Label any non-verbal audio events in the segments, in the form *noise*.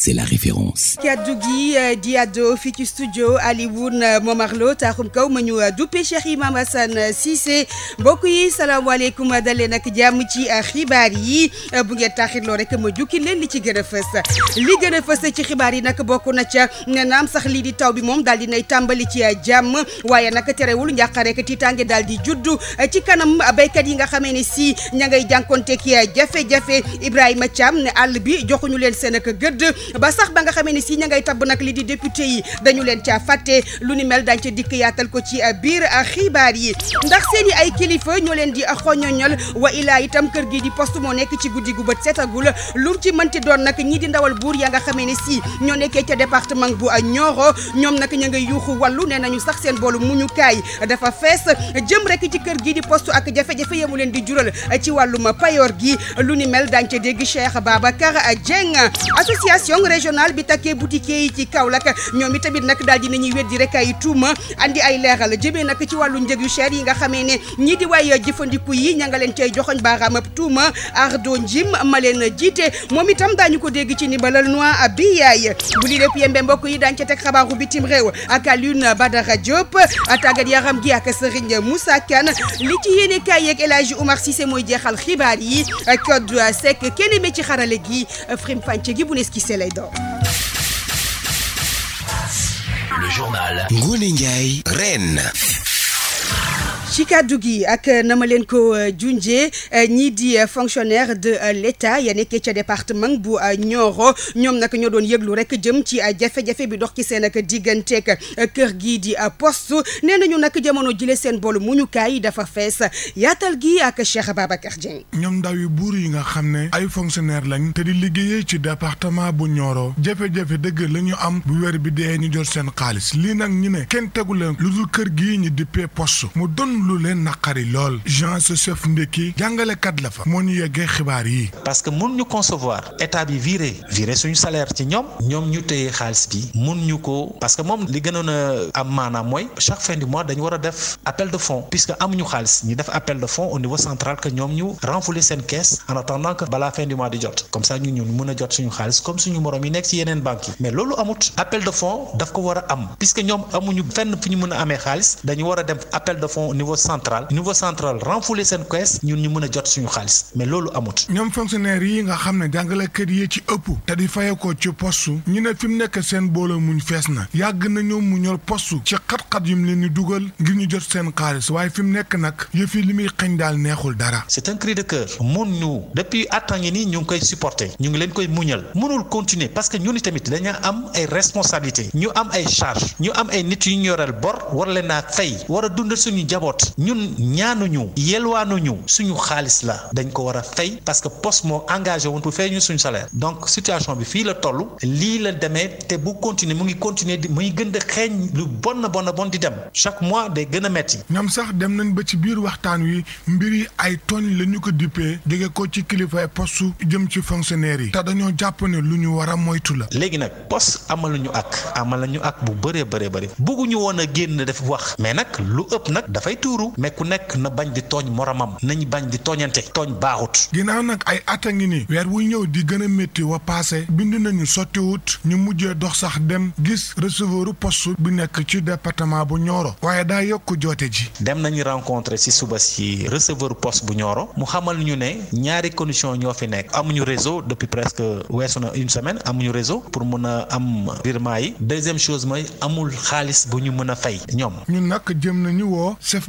c'est la référence. kaddu gi euh, di àddoo fii ci studio Alioune euh, Momar Lo taaxum kaw ma ñu euh, duppe Cheikh Imam Assane Cissé mbokk yi salaamaaleykum dalee nag jàmm ci xibaar yi bu ngeen taaxirloo rek ma jukki leen li ci gën a fës li gën a fës ci xibaar yi nag bokk na ca ne naam sax lii di taw bi moom daal di nay tàmbali ci jàmm waaye nag terewul njàqa rek tiitaange daal di juddu ci kanam béykat yi nga xamee ne si ña ngay jànkonte ki jafe-jafe Ibrahima Thiam ne àll bi joxuñu leen seen ak gëdd. ba sax ba nga xamee ni sii ña ngay tabb nag li di député yi dañu leen ca fàtte lu ni mel dañ ca dikk yaatal ko ci euh, biir euh, xibaar yi ndax seeni ay kilifa ñoo leen di euh, xoñoñol wa ilaa itam kër gi di poste moo nekk ci guddi gu bët setagul lu ci mënti doon nag ñi di ndawal buur yaa nga xamee ne si ñoo nekkee ca département bu Nioro ñoom nag ña ngay yuuxu wàllu nee nañu sax seen boolu muñu kaay dafa fees jëm rek ci kër gi di poste ak jafe-jafe leen di jural ci wàllum payoor gi lu ni mel dañ ca dégg Cheikh Babacar Dieng association union régionale bi takkee boutiquier yi ci Kaolack ñoom i tamit nag daal dinañuy weddi rek ay tuuma andi ay leeral jëmee nag ci wàllu njëg yu cher yi nga xamee ne ñii di waay jëfandiku yi ña nga leen cay joxoñ baaraamab tuuma Ardo Njim ma leen jiite moom itam daañu ko dégg ci ni noi bi yaay bu li lépp mbokk yi daañ ca teg xabaaru bitim réew ak Alioune Badara Diop tàggat yaram gi ak Serigne Moussa Kane li ci yéene kaay yeeg El Hadji Oumar Cissé mooy jeexal yi Codou kenn me ci xarale gi Frim lay doon. Le journal Ngoné Ndiaye ci kàddu gi ak na ma leen ko euh, junjee euh, ñii di euh, fonctionnaire de l'État ya nekkee ca département bu Nioro ñoom nag ñoo doon yëglu rek jëm ci jafe-jafe bi dox ci seen ak digganteeg kër gii di post nee nañu nag jamono jile seen boolu yi dafa fees yaatal gi ak Cheikh Babacar Dieng. ñoom ndaw yu buur yi nga xam ne ay fonctionnaire lañ te di liggéeyee ci département bu Nioro jafe-jafe dëgg la ñu am bu weer bi dee ñu jot seen xaalis lii nag ñu ne kenn tegu lu kër gii ñu dippee poste lu leen naqari lool Jean Joseph Ndéki jàngalekat la fa ñu yeggee xibaar yi. parce que mun ñu concevoir état bi viré viré suñu salaire ci ñoom ñoom ñu téye xaalis bi mun ñu ko parce que moom li gënoon a am maanaam mooy chaque fin du mois dañu war def appel de fonds puisque amuñu xaalis ñu def appel de fonds au niveau central que ñoom ñu renflouer seen caisse en attendant que balaa fin du mois di jot comme ça ñu ñun mun a jot suñu xaalis comme central niveau central renfouler seen caisse ñun ñu mën a jot suñu xaalis mais loolu amut. ñoom fonctionnaire yi nga xam ne jàngalekat yi ci ëpp te di faye ko ci postu ñu ne fi mu nekk seen booloo muñ fees na yàgg na ñoom mu ñor postu ci xat-xat yum leen di dugal ngir ñu jot seen xaalis waaye fi nekk nag yëf yi li daal neexul dara. c'est un cri de ñu depuis at ngi nii ñu ngi koy supporter ñu ngi leen koy muñal mënul continuer parce que ñun tamit dañu am ay responsabilité ñu am ay charge vote ñun ñaanuñu yelwaanuñu suñu xaalis la dañ ko war a fay parce que poste moo engagé woon pour ñu suñu salaire donc situation bi fii la toll lii la demee te bu continuer mu ngi continuer di muy gën xeeñ lu bon bon bon di dem chaque mois day gën a metti ñoom sax dem nañ ba ci biir waxtaan wi mbir yi ay tooñ la ñu ko duppee jóge ko ci kilifaay poste jëm ci fonctionnaire yi te dañoo jàpp ne lu ñu war a moytu la. léegi nag poste amaluñu ak amaluñu ak bu bëree bëree bëri bugguñu woon a génn def wax mais nag lu ëpp nag dafay tuuru mais ku nekk na bañ di tooñ moromam nañ bañ di tooñante tooñ baaxut. ginnaaw nag ay at a ngi nii weer wu ñëw di gën a métti wa paase bind nañu sottiwut ñu mujjee dox sax dem gis recevoir post bi nekk ci département bu ñooro waaye daa yokk joote ji. dem nañu rencontré si suba si recevoir poste bu ñooro mu xamal ñu ne ñaari condition ñoo fi nekk amuñu réseau depuis presque weesu na une semaine amuñu réseau pour mën a am virement yi deuxième chose mooy amul xaalis bu ñu mën a fay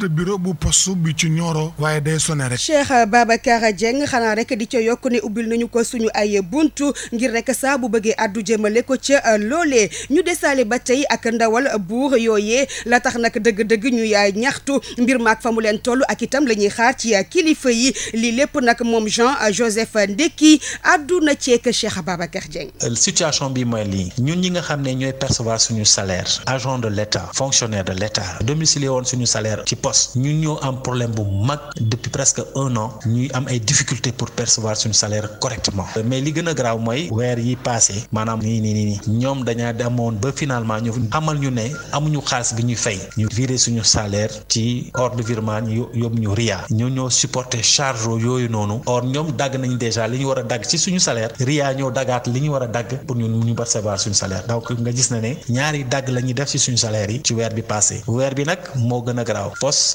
bureau bu poste bi ci Nioro waaye day sone rek. Cheikh Babacar Dieng xanaa rek di ca yokk ne ubbil nañu ko suñu ay buntu ngir rek saa bu bëggee addu jëmale ko ca euh, loolee ñu desaale ba tey ak ndawal buur yooyee la tax nag dëgg-dëgg ñu yaay euh, ñaxtu mbir maak fa mu leen toll ak itam la ñuy xaar ci euh, kilifa yi lii lépp nag moom Jean Joseph Ndekki àdduna ceek Cheikh Babacar Dieng. situation bi mooy lii ñun ñi nga xam ne ñooy percevoir suñu salaire agent de l' état de l' état domicilié suñu salaire force ñun ñoo am problème bu mag depuis presque un an ñuy am ay difficultés pour percevoir suñu salaire correctement mais li gën a garaaw mooy weer yi passé maanaam nii nii nii ñoom dañaa demoon ba finalement ñu amal ñu ne amuñu xaalis bi ñuy fay ñu viré suñu salaire ci ordre de virement ñu yóbbu ñu RIA ñoo ñoo supporter charge yooyu noonu or ñoom dagg nañ déjà li ñu war a dagg ci suñu salaire RIA ñoo dagaat li ñu war a dagg pour ñu ñu percevoir suñu sala donc nga gis na ne ñaari dagg la ñuy def ci suñu yi ci weer bi passé weer bi nag moo gën a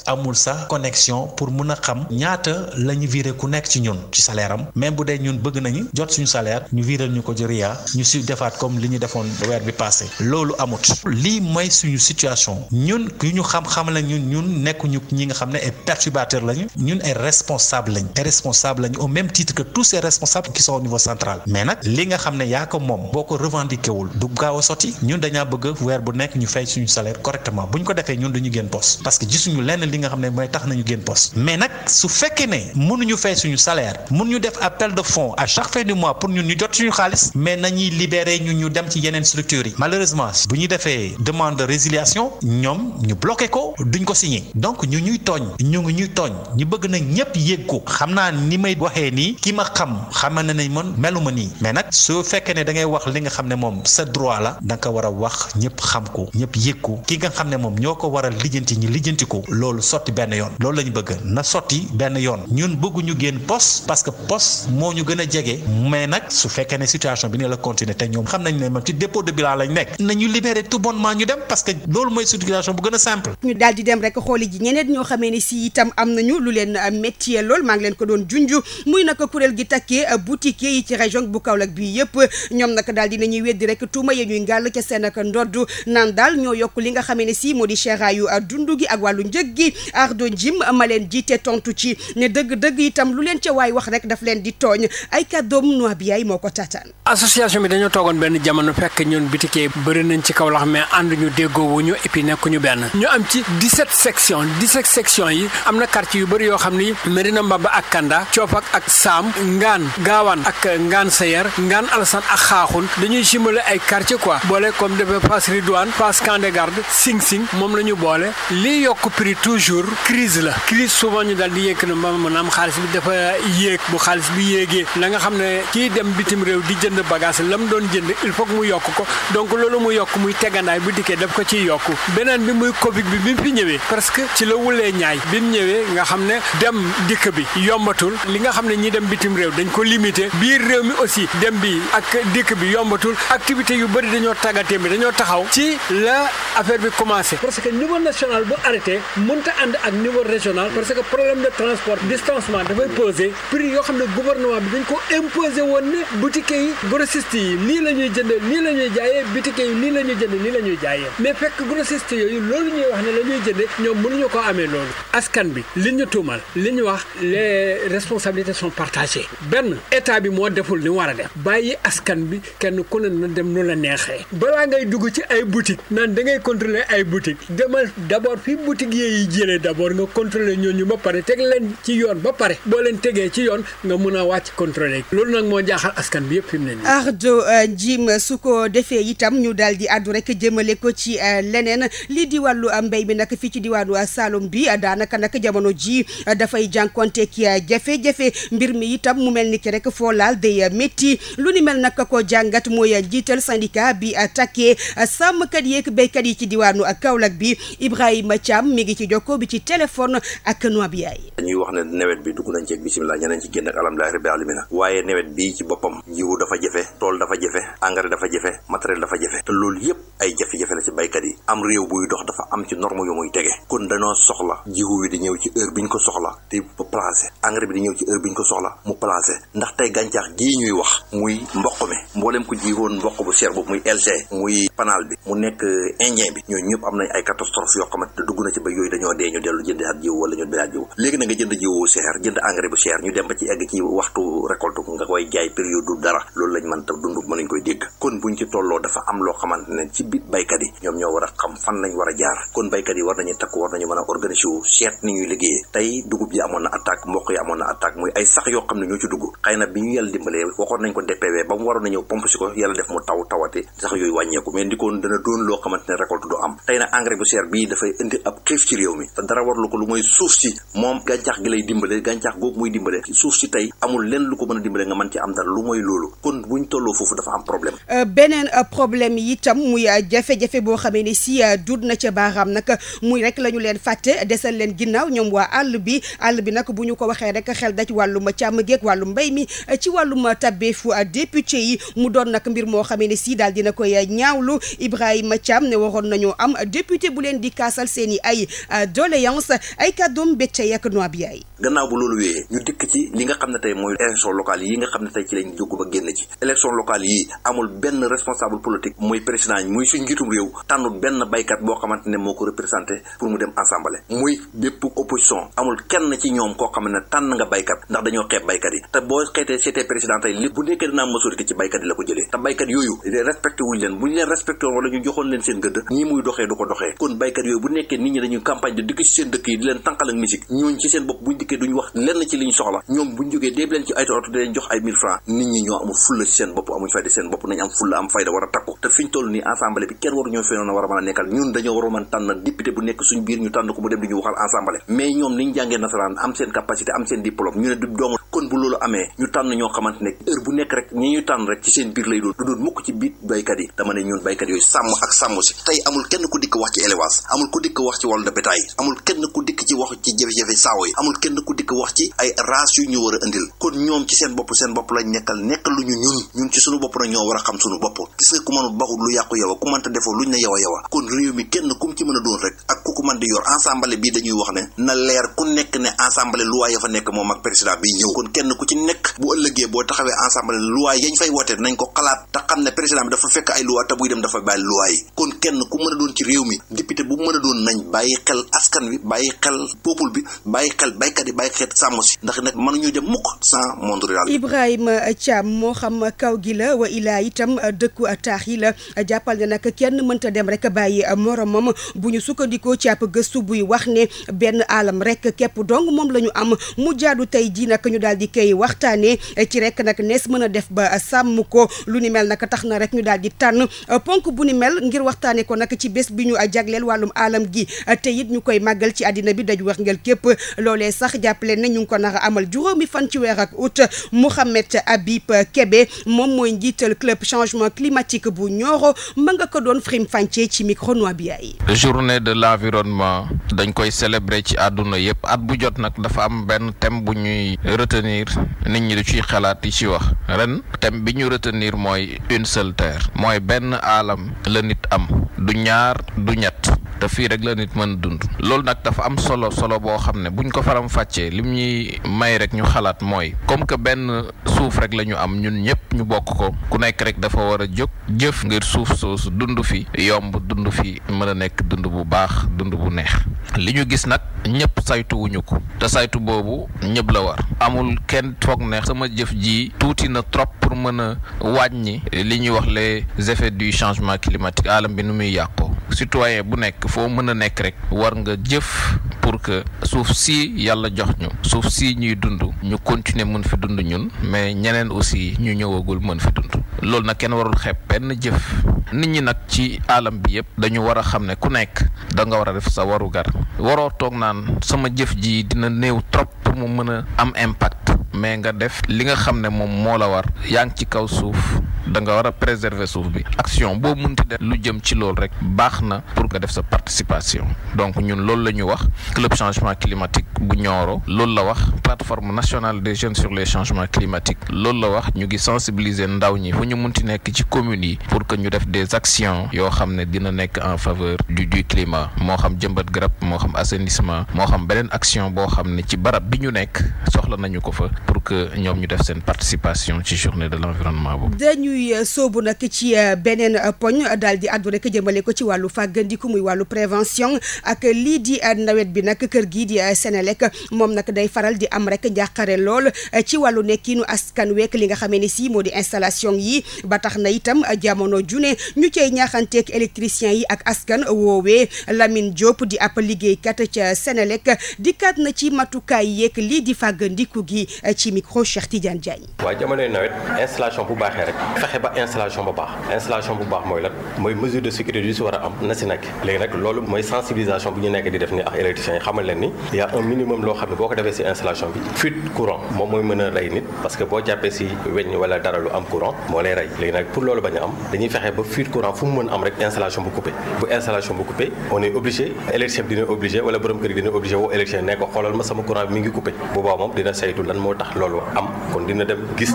amul sax connexion pour mun a xam ñaata la ñu viré ku nekk ci ñun ci salaire am même bu dee ñun bëgg nañu jot suñu salaire ñu viréel ñu ko ci RIA ñu si defaat comme li ñu defoon weer bi passé loolu amut lii mooy suñu situation ñun yu ñu xam-xam la ñun ñun nekkuñu ñi nga xam ne ay perturbateurs lañu ñun ay responsable lañu ay responsable lañu au même titre que tous ces responsables qui sont au niveau central mais nag li nga xam ne yaa ko moom boo ko revendiqué wul du gaaw a sotti ñun dañaa bëgg weer bu nekk ñu fay suñu salaire correctement bu ñu ko defee ñun duñu génn poste parce que na li nga xam ne mooy tax nañu génn poste mais nag su fekkee ne mënuñu fay suñu salaire mënuñu def appel de fonds à chaque fin du mois pour ñun ñu jot suñu xaalis mais nañuy libérer ñu ñu dem ci yeneen structures yi malheureusement bu ñu defee demande résiliation ñoom ñu bloqué ko duñ ko signé donc ñu ñuy tooñ ñu ngi ñuy tooñ ñu bëgg na ñëpp yéeg ko xam naa ni may waxee nii ki ma xam xama na nañ man meluma nii mais nag su fekkee ne da ngay wax li nga xam ne moom sa droit la da ko war a wax ñëpp xam ko ñëpp yëg ko ki nga xam ne moom ñoo ko war a ñu lijjanti ko loolu sotti bi ni la continuer mooy situation bu gën simple. ñu daal dem rek xooli ñeneen ñoo xamee ne si itam am nañu lu leen euh, métier lool maa ngi leen ko doon junj muy naka kuréel gi takkee euh, boutique yi ci région bu Kaolack bi yëpp ñoom nag daal nañuy weddi rek tuuma yi ñuy ngàll ca seen ak ndodd naan ñoo yokk li nga xamee ne si moo di cheraayu euh, dund gi ak wàllu njëg gi gi Ardo Njim ma leen jiite tontu ci ne dëgg-dëgg itam lu leen ca waay wax rek daf leen di tooñ ay kàddoom noa bi ay moo ko taataan. association bi dañoo toogoon benn jamono fekk ñun bitikee bëri nañ ci kaw lax mais ànd ñu déggoo wu ñu et puis nekkuñu benn ñu am ci 17 sections 17 section yi am na quartier yu bëri yoo xam ni Medina Mbaba ak Kanda Coopak ak Saam Ngaan Gaawaan ak Ngaan Sayer Ngaan Alassane ak Xaaxun dañuy simale ay quartier quoi boole comme defee Fass Ridwaan Fass Kandé Garde Sing Sing moom la ñu boole lii yokk toujours crise la crise souvent ñu daal di yëkk na ma mën am xaalis bi dafa yéeg bu xaalis bi yéegee la nga xam ne kii dem bitim réew di jënd la lam doon jënd il faut mu yokk ko donc loolu mu yokk muy tegganaay bu dikkee daf ko ci yokk beneen bi muy Covid bi bi mu fi ñëwee parce que ci la wulee ñaay bi mu ñëwee nga xam ne dem dikk bi yombatul li nga xam ne ñi dem bitim réew dañ ko limité biir réew mi aussi dem bi ak dikk bi yombatul activité yu bëri dañoo tàggatee mi dañoo taxaw ci la affaire bi commencé mënta ànd ak niveau régional parce que problème de transport distancement dafay poser prix yoo xam ne gouvernement bi dañ ko imposer woon ne boutique yi grossiste yi lii la ñuy jënd lii la ñuy jaayee boutique yi lii la ñuy jënd lii la ñuy jaayee mais fekk grossiste yooyu loolu ñuy wax ne la ñuy jënde ñoom mënuñu koo amee loolu askan bi li ñu tuumal li ñu wax les responsabilités sont partagées benn état bi moo deful ni war a def bàyyi askan bi kenn ku ne na dem nu la neexee balaa ngay dugg ci ay boutique naan da ngay contrôler ay boutique demal fiy jëlee d'abord nga contrôler ñooñu ba pare teg leen ci yoon ba pare boo leen tegee ci yoon nga mun a wàcc contrôler loolu nag moo jaaxal askan bi yëpp fi mu ne nii. Ardo euh, Jim su ko defee itam ñu daal di àddu rek jëmale ko ci euh, leneen lii di wàllu euh, mbéy mi nag fii ci diwaanu Saloum bi daanaka nag jamono ji dafay jànkuwante ki jafe-jafe mbir mi itam mu mel ni ki rek foo laal day métti lu ni mel nag koo jàngat mooy jiital syndicat bi takkee sàmmkat yeeg béykat yi ci diwaanu Kaolack bi Ibrahima Thiam mi ngi ci jokko bi ci téléphone ak Nouab Yaye dañuy wax ne nawet bi dugg nañ ci bisimilah ñeneen ci génn ak alhamdulilah rabbil alamina waaye nawet bi ci boppam jiwu dafa jafe tool dafa jafe engrais dafa jafe matériel dafa jafe te loolu yépp ay jafe-jafe la ci baykat yi am réew buy dox dafa am ci norme yu muy tege kon dañoo soxla jiwu wi di ñëw ci heure bi ñu ko soxla te placé engrais bi di ñëw ci heure bi ñu ko soxla mu placé ndax tey gàncax gi ñuy wax muy mboq mi mboolem ko jiwoon mboq bu cher boobu muy LG muy panal bi mu nekk eh, indien bi ñooñu ñëpp am nañ ay catastrophe yoo xamante dugg na ci ba yooyu dañu ñoo dee ñu dellu jënd at jiw wala ñu bilaat jiw léegi na nga jënd jiwu cher jënd engrais ñu dem ba ci egg ci waxtu récolte nga koy jaay période dara loolu lañ mën ta dund mënuñ koy dégg kon buñ ci tolloo dafa am loo xamante ne ci biir baykat yi ñoo war a xam fan lañ war a jaar kon baykat yi war nañu war nañu mën a organiser wu seet ni ñuy liggéeyee tey mboq yi amoon na attaque muy ay sax yoo xam ne ñoo ci dugg xëy na bi ñu yàlla dimbalee waxoon nañ ko DPV ba mu waroon a ñëw pompe si ko yàlla def mu taw tawati sax yooyu wàññeeku mais ndikoon dana doon loo xamante ne récolte du am tey na engrais bu cher bii dafay indi ab xiif ci réew réew lu mooy suuf moom gàncax gi lay dimbale gàncax googu muy dimbale suuf si tey amul lenn lu ko mën a dimbale nga mën ci am lu mooy loolu kon buñ tolloo foofu dafa am problème euh, beneen euh, problème yi itam muy euh, jafe-jafe boo xamee ne si dut na ca baaraam nag muy rek la leen fàtte desal leen ginnaaw ñoom waa àll bi àll bi nag bu ñu ko waxee rek xel daj wàllum càmm geeg wàllum mbay mi ci wàllum tabbeefu député yi mu doon nag mbir moo xamee ne si daal dina koy ñaawlu ma Thiam ne waroon nañoo am député bu leen di kaasal seen yi ay doléance ay kàddoom béccay ak noa bi yaay gannaaw bu loolu wéyee ñu dikk ci li nga xam ne tey mooy élection locale yi nga xam ne tey ci lañ jóg ba muy président yi muy suñ njiitum réew tànnul benn baykat boo xamante ne moo ko représenté pour mu dem assemblée muy bépp opposition amul kenn ci ñoom koo xam ne tànn nga baykat ndax dañoo yi boo xeetee seetee président tey li bu nekkee dinaa majorité ci baykat yi la ko ñu joxoon leen seen gëdd ñi muy doxee du ko doxee kon baykat yooyu bu nekkee nit ñi dañuy campagne di dikk ci seen dëkk yi di leen tànqal ak musique ñooñ ci seen bopp buñ dikkee duñ wax lenn ci liñ soxla ñoom buñ jógee déeb leen ci ay oto di leen jox ay mille francs nit ñi ñoo amul fulla ci seen bopp amuñ fayda seen bopp nañ am fulla am fayda war a takku te fiñ toll nii assemblée bi kenn waru ñoo fenoon a war a mën a nekkal ñun dañoo war a tànn député bu nekk suñ biir ñu tànn ko mu dem di ñu waxal assemblée mais ñoom niñ jàngee nasaraan am seen capacité am seen diplôme kon bu loolu amee ñu tànn ñoo xamante ne heure bu nekk rek ñi ñu tànn rek ci seen biir lay doon du doon mukk ci biir baykat yi dama ne ñun baykat yooyu sàmm ak sàmm si tey amul kenn ku dikk wax ci élevage amul wax ci wàllu bétail ku dikk ci wax ci ku dikk wax ci ay race yu ñu war indil kon ñoom ci seen bopp seen bopp lañ nekkal nekk lu ñu ñun ñun ci suñu bopp na ñoo war a xam suñu bopp gis nga ku mënul baxul lu yàqu yow ku mënta defoo luñ ne yow a yow a kon réew mi kenn kum ci mën doon rek ak ku ko mën di yor wax ne na leer ku nekk ne ensemble lu waaye fa nekk kon kenn ku ci nekk bu ëllëgee boo taxawee ensemble loi yañ fay woote nañ ko xalaat te xam ne président bi dafa fekk ay loi te buy dem dafa bàyyi ku mën a doon a doon nañ bàyyi xel askan wi bàyyi xel peuple bi bàyyi xel baykat yi bàyyi xel sàmm si ndax nag mënuñu dem mukk sans monde rural Ibrahima moo xam kaw gi la wa ilaa itam dëkku taax yi la jàppal ne nag kenn mënta dem rek bàyyi moromam bu ñu sukkandikoo ci gëstu buy wax ne benn alam rek képp dong moom la ñu am mu jaadu tey daal di koy waxtaanee eh, ci rek nag nees mën a def ba eh, sàmm ko lu ni mel nag tax na rek ñu daal di tànn eh, ponk bu ni mel ngir waxtaanee ko nag ci bés bi ñu jagleel wàllum aalam gi te it ñu koy màggal ci àddina bi daj wax ngel képp loolee sax jàppale nañu ñu ngi ko nar a amal juróomi fan ci weer ak août Mouhamed Habib kebe moom mooy njiital club changement climatique bu Nioro ma nga ko doon frim fànce ci micro noa bi ay journée de l'environnement dañ koy célébrer ci àdduna yëpp at jot nag dafa am retenir nit ñi di ciy xalaat di ci wax ren thème bi ñu retenir mooy une seule mooy benn aalam la nit am du ñaar du ñett te fii rek la nit mën a dund loolu nag dafa am solo solo boo xam ne bu ñu ko faram fàccee lim ñuy may rek ñu xalaat mooy comme que benn suuf rek la ñu am ñun ñëpp ñu bokk ko ku nekk rek dafa war a jóg jëf ngir suuf soosu dund fi yomb dund fi mën a nekk dund bu baax dund bu neex li ñu gis nag ñëpp saytu ko te saytu boobu ñëpp la war amul kenn foog neex sama jëf ji tuuti na trop pour mën a wàññi li ñuy wax les effets du changement climatique alam bi nu muy foo mën a nekk rek war nga jëf pour que suuf si yàlla jox ñu suuf si ñuy dund ñu continuer mën fi dund ñun mais ñeneen aussi ñu ñëwagul mën fi dund loolu nag kenn warul xeeb penn jëf nit ñi nag ci alam bi yëpp dañu war a xam ne ku nekk da nga war a def sa warugar waroo toog naan sama jëf ji dina néew trop pour mu mën a am impact mais nga def li nga xam ne moom moo la war yaa ngi ci kaw suuf da nga war a préserver suuf bi action boo mënti def lu jëm ci participation donc ñun loolu la ñu wax club changement climatique bu Nioro loolu la wax plateforme nationale des jeunes sur les changements climatiques loolu la wax ñu ngi sensibiliser ndaw ñi fu ñu munti nekk ci communes yi pour que ñu def des actions yoo xam ne dina nekk en faveur du du climat moo xam jëmbat garab moo xam assainissement moo xam beneen action boo xam ne ci barab bi ñu nekk soxla nañu ko fa pour que ñoom ñu def seen participation ci journée wàllu prévention ak lii di euh, nawet bi nag kër gii di euh, Senelec moom nag day faral di am rek njàqare lool euh, ci wàllu nekkiinu askan week li nga xamee ni si moo di installation yi ba tax na itam jamono june ñu cey ñaaxanteeg électricien yi ak askan woowee lamin Diop di ab liggéeykat ca Senelec dikkaat na ci matukaay yeeg lii di fàggandiku gi ci micro Cheikh Tidiane Diagne. waaye jamonoy nawet installation bu baaxee rek fexe ba installation bu baax installation bu baax mooy lan mooy mesure loolu mooy sensibilisation bu ñu nekk di def ni ak électriciens yi xamal leen ni y a un minimum loo xam ne boo ko defee si installation bi fuite courant moom mooy mën a rey nit parce que boo jàppee si weñ wala dara lu am courant moo lay rey léegi nag pour loolu bañ a am dañuy fexe ba fuite courant fu mu mën am rek installation bu coupé bu installation bu coupé on est obligé bi dina obligé wala borom kër gi dina obligé woo électricien ne ko kon dina dem gis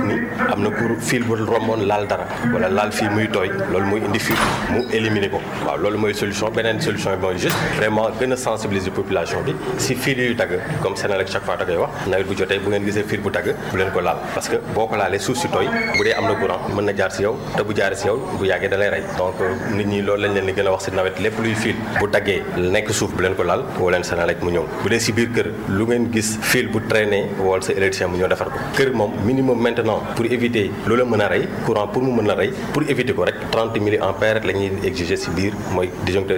am na pour fil bu romboon laal dara wala laal fii muy tooy loolu mooy indi fuite mu éliminer ko waaw loolu mooy solution beneen solution bi mooy juste vraiment gën a sensibiliser population bi si fiir yu koy wax nawet bu jotee bu ngeen gisee fiir bu dagg bu leen ko laal parce que boo ko laalee suuf si tooy bu dee am na courant mën na jaar si yow te bu jaaree si yow bu yàggee da rey donc euh, nit ñi loolu lañ leen gën a wax si nawet lépp luy fiil bu daggee nekk suuf bu leen ko laal woo leen Senelec mu ñëw bu dee si biir kër lu ngeen gis fiil bu traîné wool sa électricien mu ñëw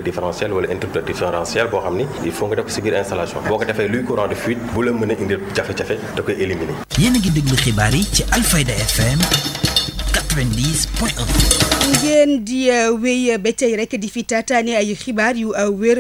defar différentiel wala interrupteur boo xam ni il nga def ko si installation boo ko defee luy courant de fuite bu la mën a indil jafe-jafe da koy éliminer. yéen a ngi déglu xibaar yi ci Alfayda FM. 90 point 1. di euh, wéy euh, ba tey rek di fi taataane ay xibaar yu euh, wér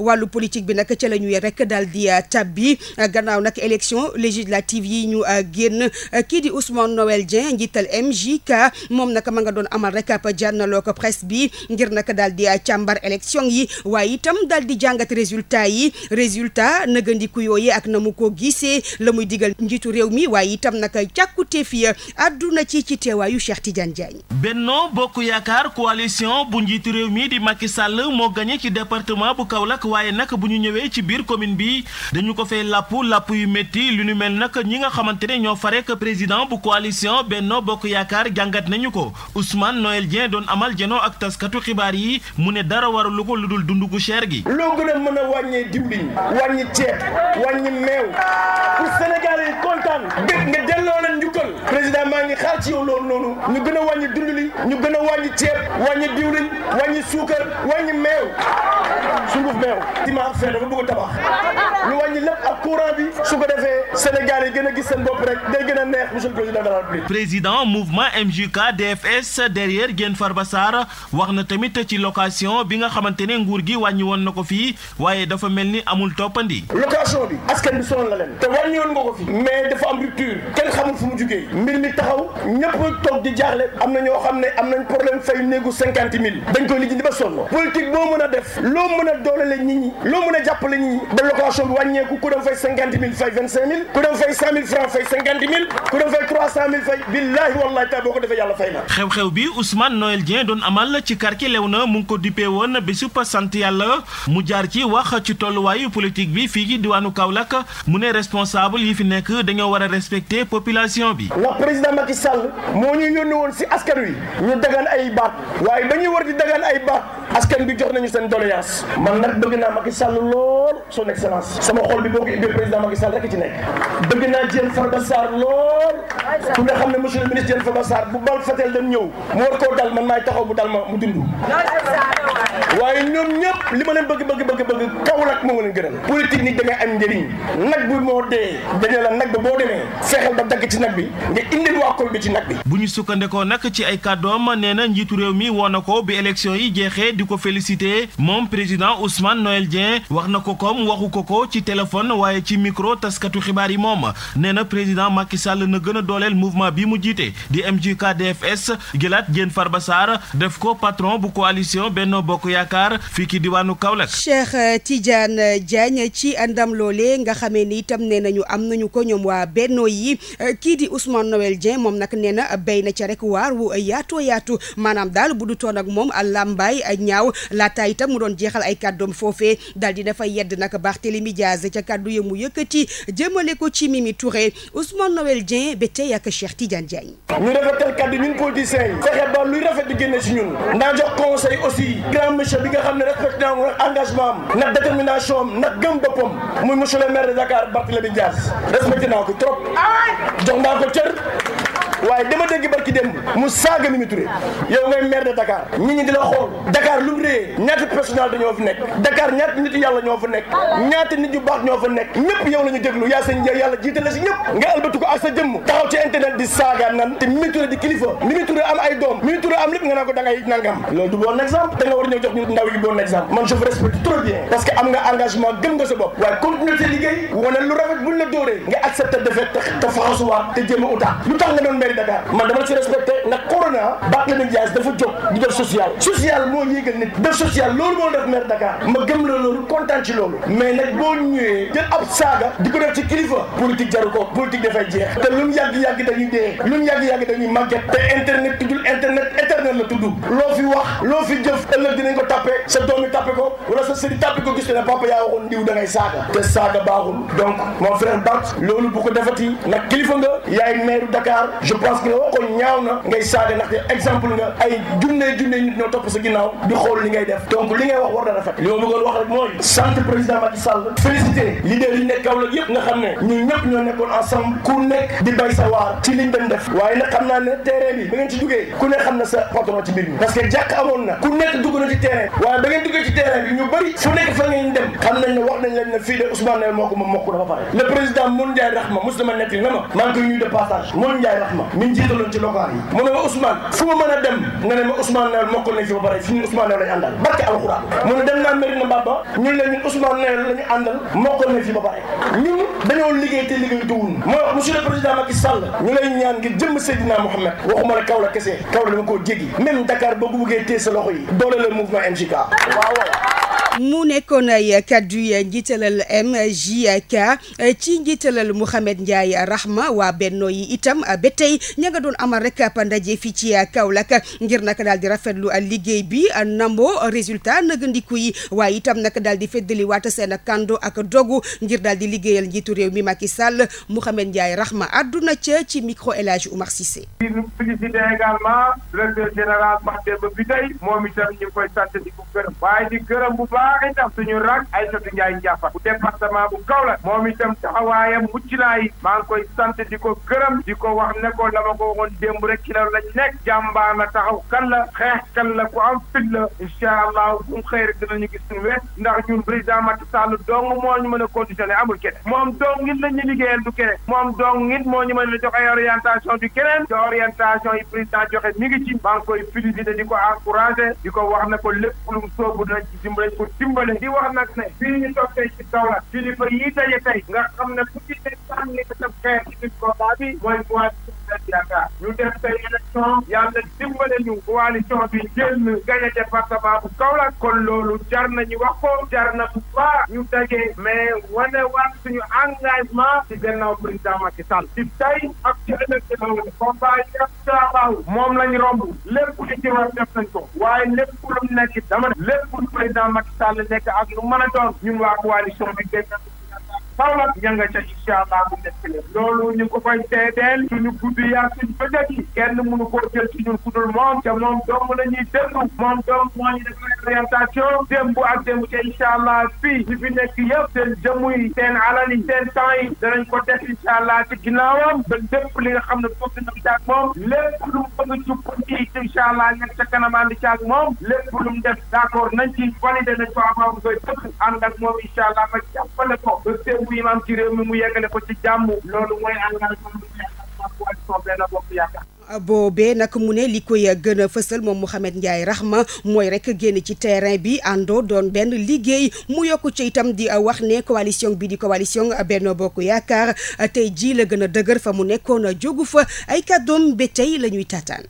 wàllu politique bi nag ca la ñuy rek daal di tabbi gannaaw nag élection législative yi ñu génn kii di Ousmane Noël Dieng njiital MJK moom nag ma nga doon amal rek ab jànnaloo ko presse bi ngir naka daal di càmbar élection yi waaye itam daal di jàngat résultat yi résultat nëgëndiku yooyee ak na mu ko gisee la muy digal njiitu réew mi waaye itam nag càkkute fi àdduna ci ci teewaay taxawaayu Cheikh Tidiane Diagne. Benno Bokk Yaakaar coalition bu njiitu réew mi di Macky Sall moo gagné ci département bu Kaolack waaye nag bu ñu ñëwee ci biir commune bi dañu ko fay làpp làpp yu métti lu ñu mel nag ñi nga xamante ne ñoo farek président bu coalition Benno Bokk Yaakaar jàngat nañu ko Ousmane Noël Dieng doon amal jeno ak taskatu xibaar yi mu ne dara waralu ko lu dul dundu gu gi. loo gën a mën a wàññee diwlin wàññi ceeb wàññi meew pour Sénégal yi kontaan. noonu ñu gën a wàññi dund li ñu gën a wàññi ceeb wàññi diwlin wàññi suukar wàññi meew sunguf meew dimanche fee dafa bëgg tabax ñu wàññi lépp ak courant bi su ko defee Sénégal yi gën a gis seen bopp rek day gën a neex monsieur le président de la République président mouvement MJK DFS derrière Diène Farba Sarr wax na tamit ci location bi nga xamante ne nguur gi wàññi woon na ko fii waaye dafa mel ni amul toppandi location bi askan bi sonal la leen te wàññi woon nga jugee mbir mi taxaw ñëpp toog di jaaxle am na ñoo xam ne am nañ problème fay néegu cinquante dañ koy lijjanti ba sonn politique boo mën a def loo mën a doolele nit ñi loo mën a jàppale ñi ba location bi wàññeeku ku dem fay cinquante fay ku dem fay cent mille fay billaahi wallaahi ta boo ko defee yàlla fay na xew-xew bi Ousmane Noël Dieng doon amal ci quartier Léona mu ngi ko duppee woon bésub sant yàlla mu jaar ci wax ci tolluwaayu politique bi fii diwaanu Kaolack mu élection bi. président Macky Sall moo ñu yónni woon si askan wi ñu dagaan ay baat waaye ba ñuy war di dagaan ay baat askan bi jox nañu seen doléance man nag bëgg naa Macky Sall lool son excellence sama xol bi boo ko ubbee président Macky Sall rek ci nekk bëgg naa Diène Farba Sarr lool ku nga xam ne monsieur le ministre Diène Farba bu bal fateel dem ñëw mu war koo dal man maay taxaw bu dal ma mu dund. waaye ñoom ñëpp li ma leen bëgg bëgg bëgg bëgg Kaolack moo ma leen gënal politique ni da ngay njëriñ nag bi mo dee nag ba boo demee fexeel ba dagg ci nag bi bi nga indil waa Kolda ci nag bi. bu ñu sukkandekoo nag ci ay kàddoom nee njiitu réew mi woo ko bi élection yi jeexee di ko félicité moom président Ousmane Noël Dieng wax na ko comme waxu ko ko ci téléphone waaye ci micro taskatu xibaar yi moom nee na président Macky Sall na gën a dooleel mouvement bi mu jiite di MJKDFS gilaat Diène Farba Sarr def ko patron bu coalition Benno Bokk Yaakaar fi ki diwaanu Kaolack. Cheikh euh, Tidiane ci ndam loole nga xamee ni itam nee nañu am nañu ko ñoom waa Ousmane Noël Dieng moom nag nee na béy na ca rek waar wu yaatoo yaatu maanaam daal bu du toon ak moom làmbaay ñaaw laata itam mu doon jeexal ay kàddoom foofee daal di dafa yedd nag Barthélémy Diaz ca kàddu ya mu yëkkati jëmale ko ci Mimi Touré Ousmane Noël Dieng ba tey ak Cheikh Tidiane Diagne. ñu rafetal kàddu ñun politiciens yi fexe ba luy rafet di génne si ñun naa jox conseil aussi grand monsieur bi nga xam ne respecté naa ko engagement am nag détermination am nag gëm boppam muy monsieur le maire de Dakar Barthélémy Diaz respecté naa ko trop ah jox naa ko ma cër waaye dama dégg barki démb mu saaga Mimi Touré yow ngay maire de Dakar nit ñi di la xool Dakar lu mu réyee ñaata personnalité ñoo fi nekk Dakar ñaata nit yàlla ñoo fa baax ñoo fa nekk ñëpp yow la ñu déglu yaa seen yàlla jiite la si ñëpp nga albatu ko ak sa jëmm taxaw ci internet di saaga nan te Mimi di kilifa Mimi am ay doom Mimi am lépp nga naan ko da nangam loolu du bon exemple da nga war a ñëw jox ñu ndaw yi bon exemple man je vous respecte trop bien parce que am mairie Dakar man dama la ci respecté ndax corona Barthélémy Dias dafa jóg di def social social moo yéegal nit def social loolu moo def maire Dakar ma gëm la loolu kontaan ci loolu mais nag boo ñëwee jël ab saaga di ko def ci kilifa politique jaru ko politique dafay jeex te lu mu yàgg-yàgg dañuy dee lu mu yàgg-yàgg dañuy màgget te internet tuddul internet éternel la tudd loo fi wax loo fi jëf ëllëg dinañ ko tappe sa doomi tappe ko wala sa sëriñ tappe ko gis ne papa yaa da parce que nga wax ko ñaaw na ngay saaga ndaxte exemple nga ay junne junne nit ñoo sa ginnaaw di xool li ngay def donc li ngay wax war na rafet li ma bëggoon wax rek mooy sant président Macky Sall félicité leader yi nekk Kaolack yëpp nga xam ne ñun ñëpp ñoo nekkoon ensemble ku nekk di bay sa waar ci liñ doon def waaye nag xam naa ne xam na sa patron ci mbir ci terrain ñu bëri fu nekk fa ngeen dem xam nañ ne wax nañ leen ne fii de Ousmane Noël moo ko na ma maa ngi min jiitaloon ci local yi mu ne ma Ousmane fu ma mën a dem nga ne ma Ousmane Noël mokkal nañ fi ba pare fi ñun Ousmane Noël lañu àndal barke alxuraan mu ne dem naa Medina Mbaba ñun la ñun Ousmane Noël la ñu àndal mokkal nañ fi ba pare ñun dañoo liggéey te liggéey tuwun moo wax monsieur le président Macky Sall ñu lay ñaan ngir jëm Seydina Mouhamed waxuma la kaw la kese kaw la dama koo jéggi même Dakar boo ko bëggee téye sa loxo yi doole la mouvement mu nekkoon ay kaddu njiitalal MJK eh, ci njiitalal Mouhamed Ndiaye Rahma waa Benno yi itam eh, ba tey ña nga doon amal rek ab ndaje fii ci eh, Kaolack ngir naka daal di rafetlu liggéey bi nambo résultat nëgandiku yi waaye itam naka daal di feddaliwaat seen kàndo ak dogu ngir daal di liggéeyal njiitu réew mi Macky Sall Mouhamed Ndiaye Rahma àdduna ca ci micro El Hadj Oumar Cissé. di baax itam suñu rak Aïssatou Ndiaye Ndiafat bu département bu Kaolack moom itam ko gërëm di ko wax ne ko ko waxoon démb rek ci la lañ nekk jàmbaar la la xeex kan la ku la incha allah bu mu xëy rek dinañu gis suñu wet ndax ñun président Macky Sall dong moo ñu mën a conditionné amul keneen moom dong it la ñu liggéeyal du keneen moom dong it moo ñu mën a jox orientation du keneen te orientation yi président joxe mi ngi ci maa ngi koy félicité di ko encouragé di ko wax ne ko lépp lu mu soobu dinañ ci dimbali pour dimbale di wax nag ne fii ñu toog tey ci dawla kilifa yi daje tey nga xam ne ku ci nekk sànni sa xeer ci biir combat bi mooy yaakaar ñu def tey élection yàlla dimbale ñu coalition bi génn gañe département bu Kaolack kon loolu jar na ñu wax ko jar na bu ñu daje mais wane waat suñu engagement ci gannaaw président Macky Sall ci tey ak ci ëllëg combat yëpp travaaw moom lañ romb lépp li ci war def nañ ko waaye lépp lu nekk dama lépp lu président Macky Sall nekk ak lu mën a doon ñun waa coalition bi génn Kaolack ña a ca incha allah bu njëkk loolu ñu ko koy seedeel suñu gudd yaa suñ bëccëg yi kenn mënu koo jël ci ñun ku dul moom te moom dong la ñuy déglu moom dong moo ñu def orientation démb ak démb ca incha allah fii ñu fi nekk yëpp seen jëmm yi seen alal yi seen temps yi ko def incha allah ci ginnaawam ba lépp li nga xam ne bëgg na ci ak moom lépp lu mu bëgg ci punti yi incha allah nekk ca kanam ànd ci ak moom lépp lu mu def d' accord nañ ci validé nañ ko mu koy dëkk ànd ak moom incha allah ba jàppale ko boobu muy maam ci réew mi mu yeggale ko ci jàmm loolu mooy engagement bi boobee nag mu ne li koy gën a fësal moom Mouhamed Ndiaye Rahma mooy rek génn ci terrain bi àndoo doon benn liggéey mu yokk ci itam di wax ne coalition bi di coalition benn Bokk Yaakaar tey jii la gën a dëgër fa mu nekkoon a jógu fa ay kàddoom ba tey la ñuy taataan.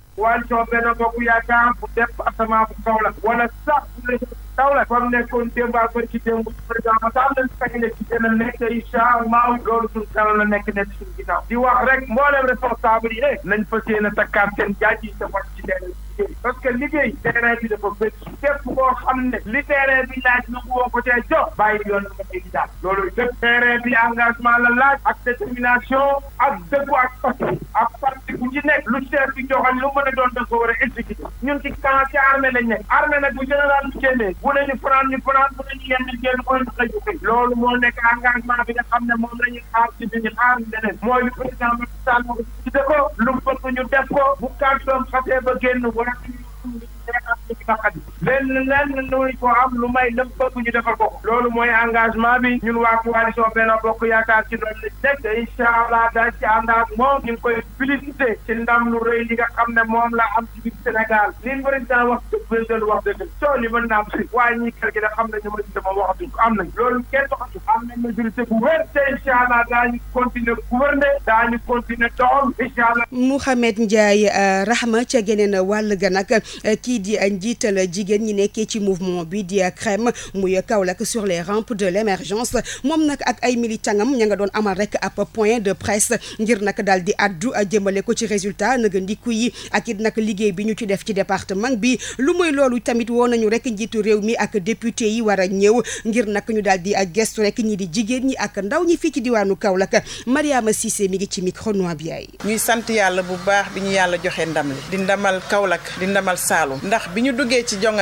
taw la comme nekkoon démb ak bëri ci démb président Matar lañ fekk ne ci dana nekk incha allahu loolu suñu kanam la nekk nekk suñu ginnaaw di wax rek mboolem responsable yi ne nañ fas yéene takkaat seen jaaj i sa bopp ci leneen parce que liggéey terrain bi dafa bëri képp koo xam ne li terrain bi laaj nu woo ko cee jox bàyyi yoon bi ngay daal loolu lépp terrain bi engagement la laaj ak détermination ak dëggu ak parti ak parti bu ci nekk lu chef bi joxal lu mën a doon da war a exécuter ñun ci camp ci armée lañ nekk armée nag bu général bu génnee bu ne ñu ñu France bu ne ñu yenn génn mooy bi nga xam ne moom la ñuy lu président ko lu bëgg ñu def ko bu kàddoom xasee ba génn bu la lenn lenn nuñ ko am lu may lëm bëgg ñu defal ko loolu mooy engagement bi ñun waa coalition Benno Bokk Yaakaar ci loolu lañ nekk incha allah dañ ci ànd ak moom ñu koy félicité ci ndam lu rëy li nga xam ne moom la am ci biir Sénégal li président wax dëgg dëgg wax dëgg am da xam ne ñu majorité moom waxatuñ ko a nañ loolu kenn waxatu am nañ majorité bu wér te incha allah daañu continuer gouverner a continuer a incha allah Mouhamed Ndiaye euh, Rahma ca geneen wàll ga nag euh, kii di njiital jigéen ñi nekkee ci mouvement bi di crème muy Kaolack sur les rampes de l' émergence moom nag ak ay militangam ña nga doon amal rek ab point de presse ngir naka daal di a jëmale ko ci résultat nga ndiku yi ak it nag liggéey bi ñu ci def ci département bi lu muy loolu tamit woo nañu rek njiitu réew mi ak député yi war a ñëw ngir nag ñu daal di gestu rek ñi di jigéen ñi ak ndaw ñi fii ci diwaanu Kaolack Mariama Cissé mi ngi ci micro bi ay ñuy sant yàlla bu baax bi ñu yàlla joxe ndam di ndamal Kaolack di ndamal Saloum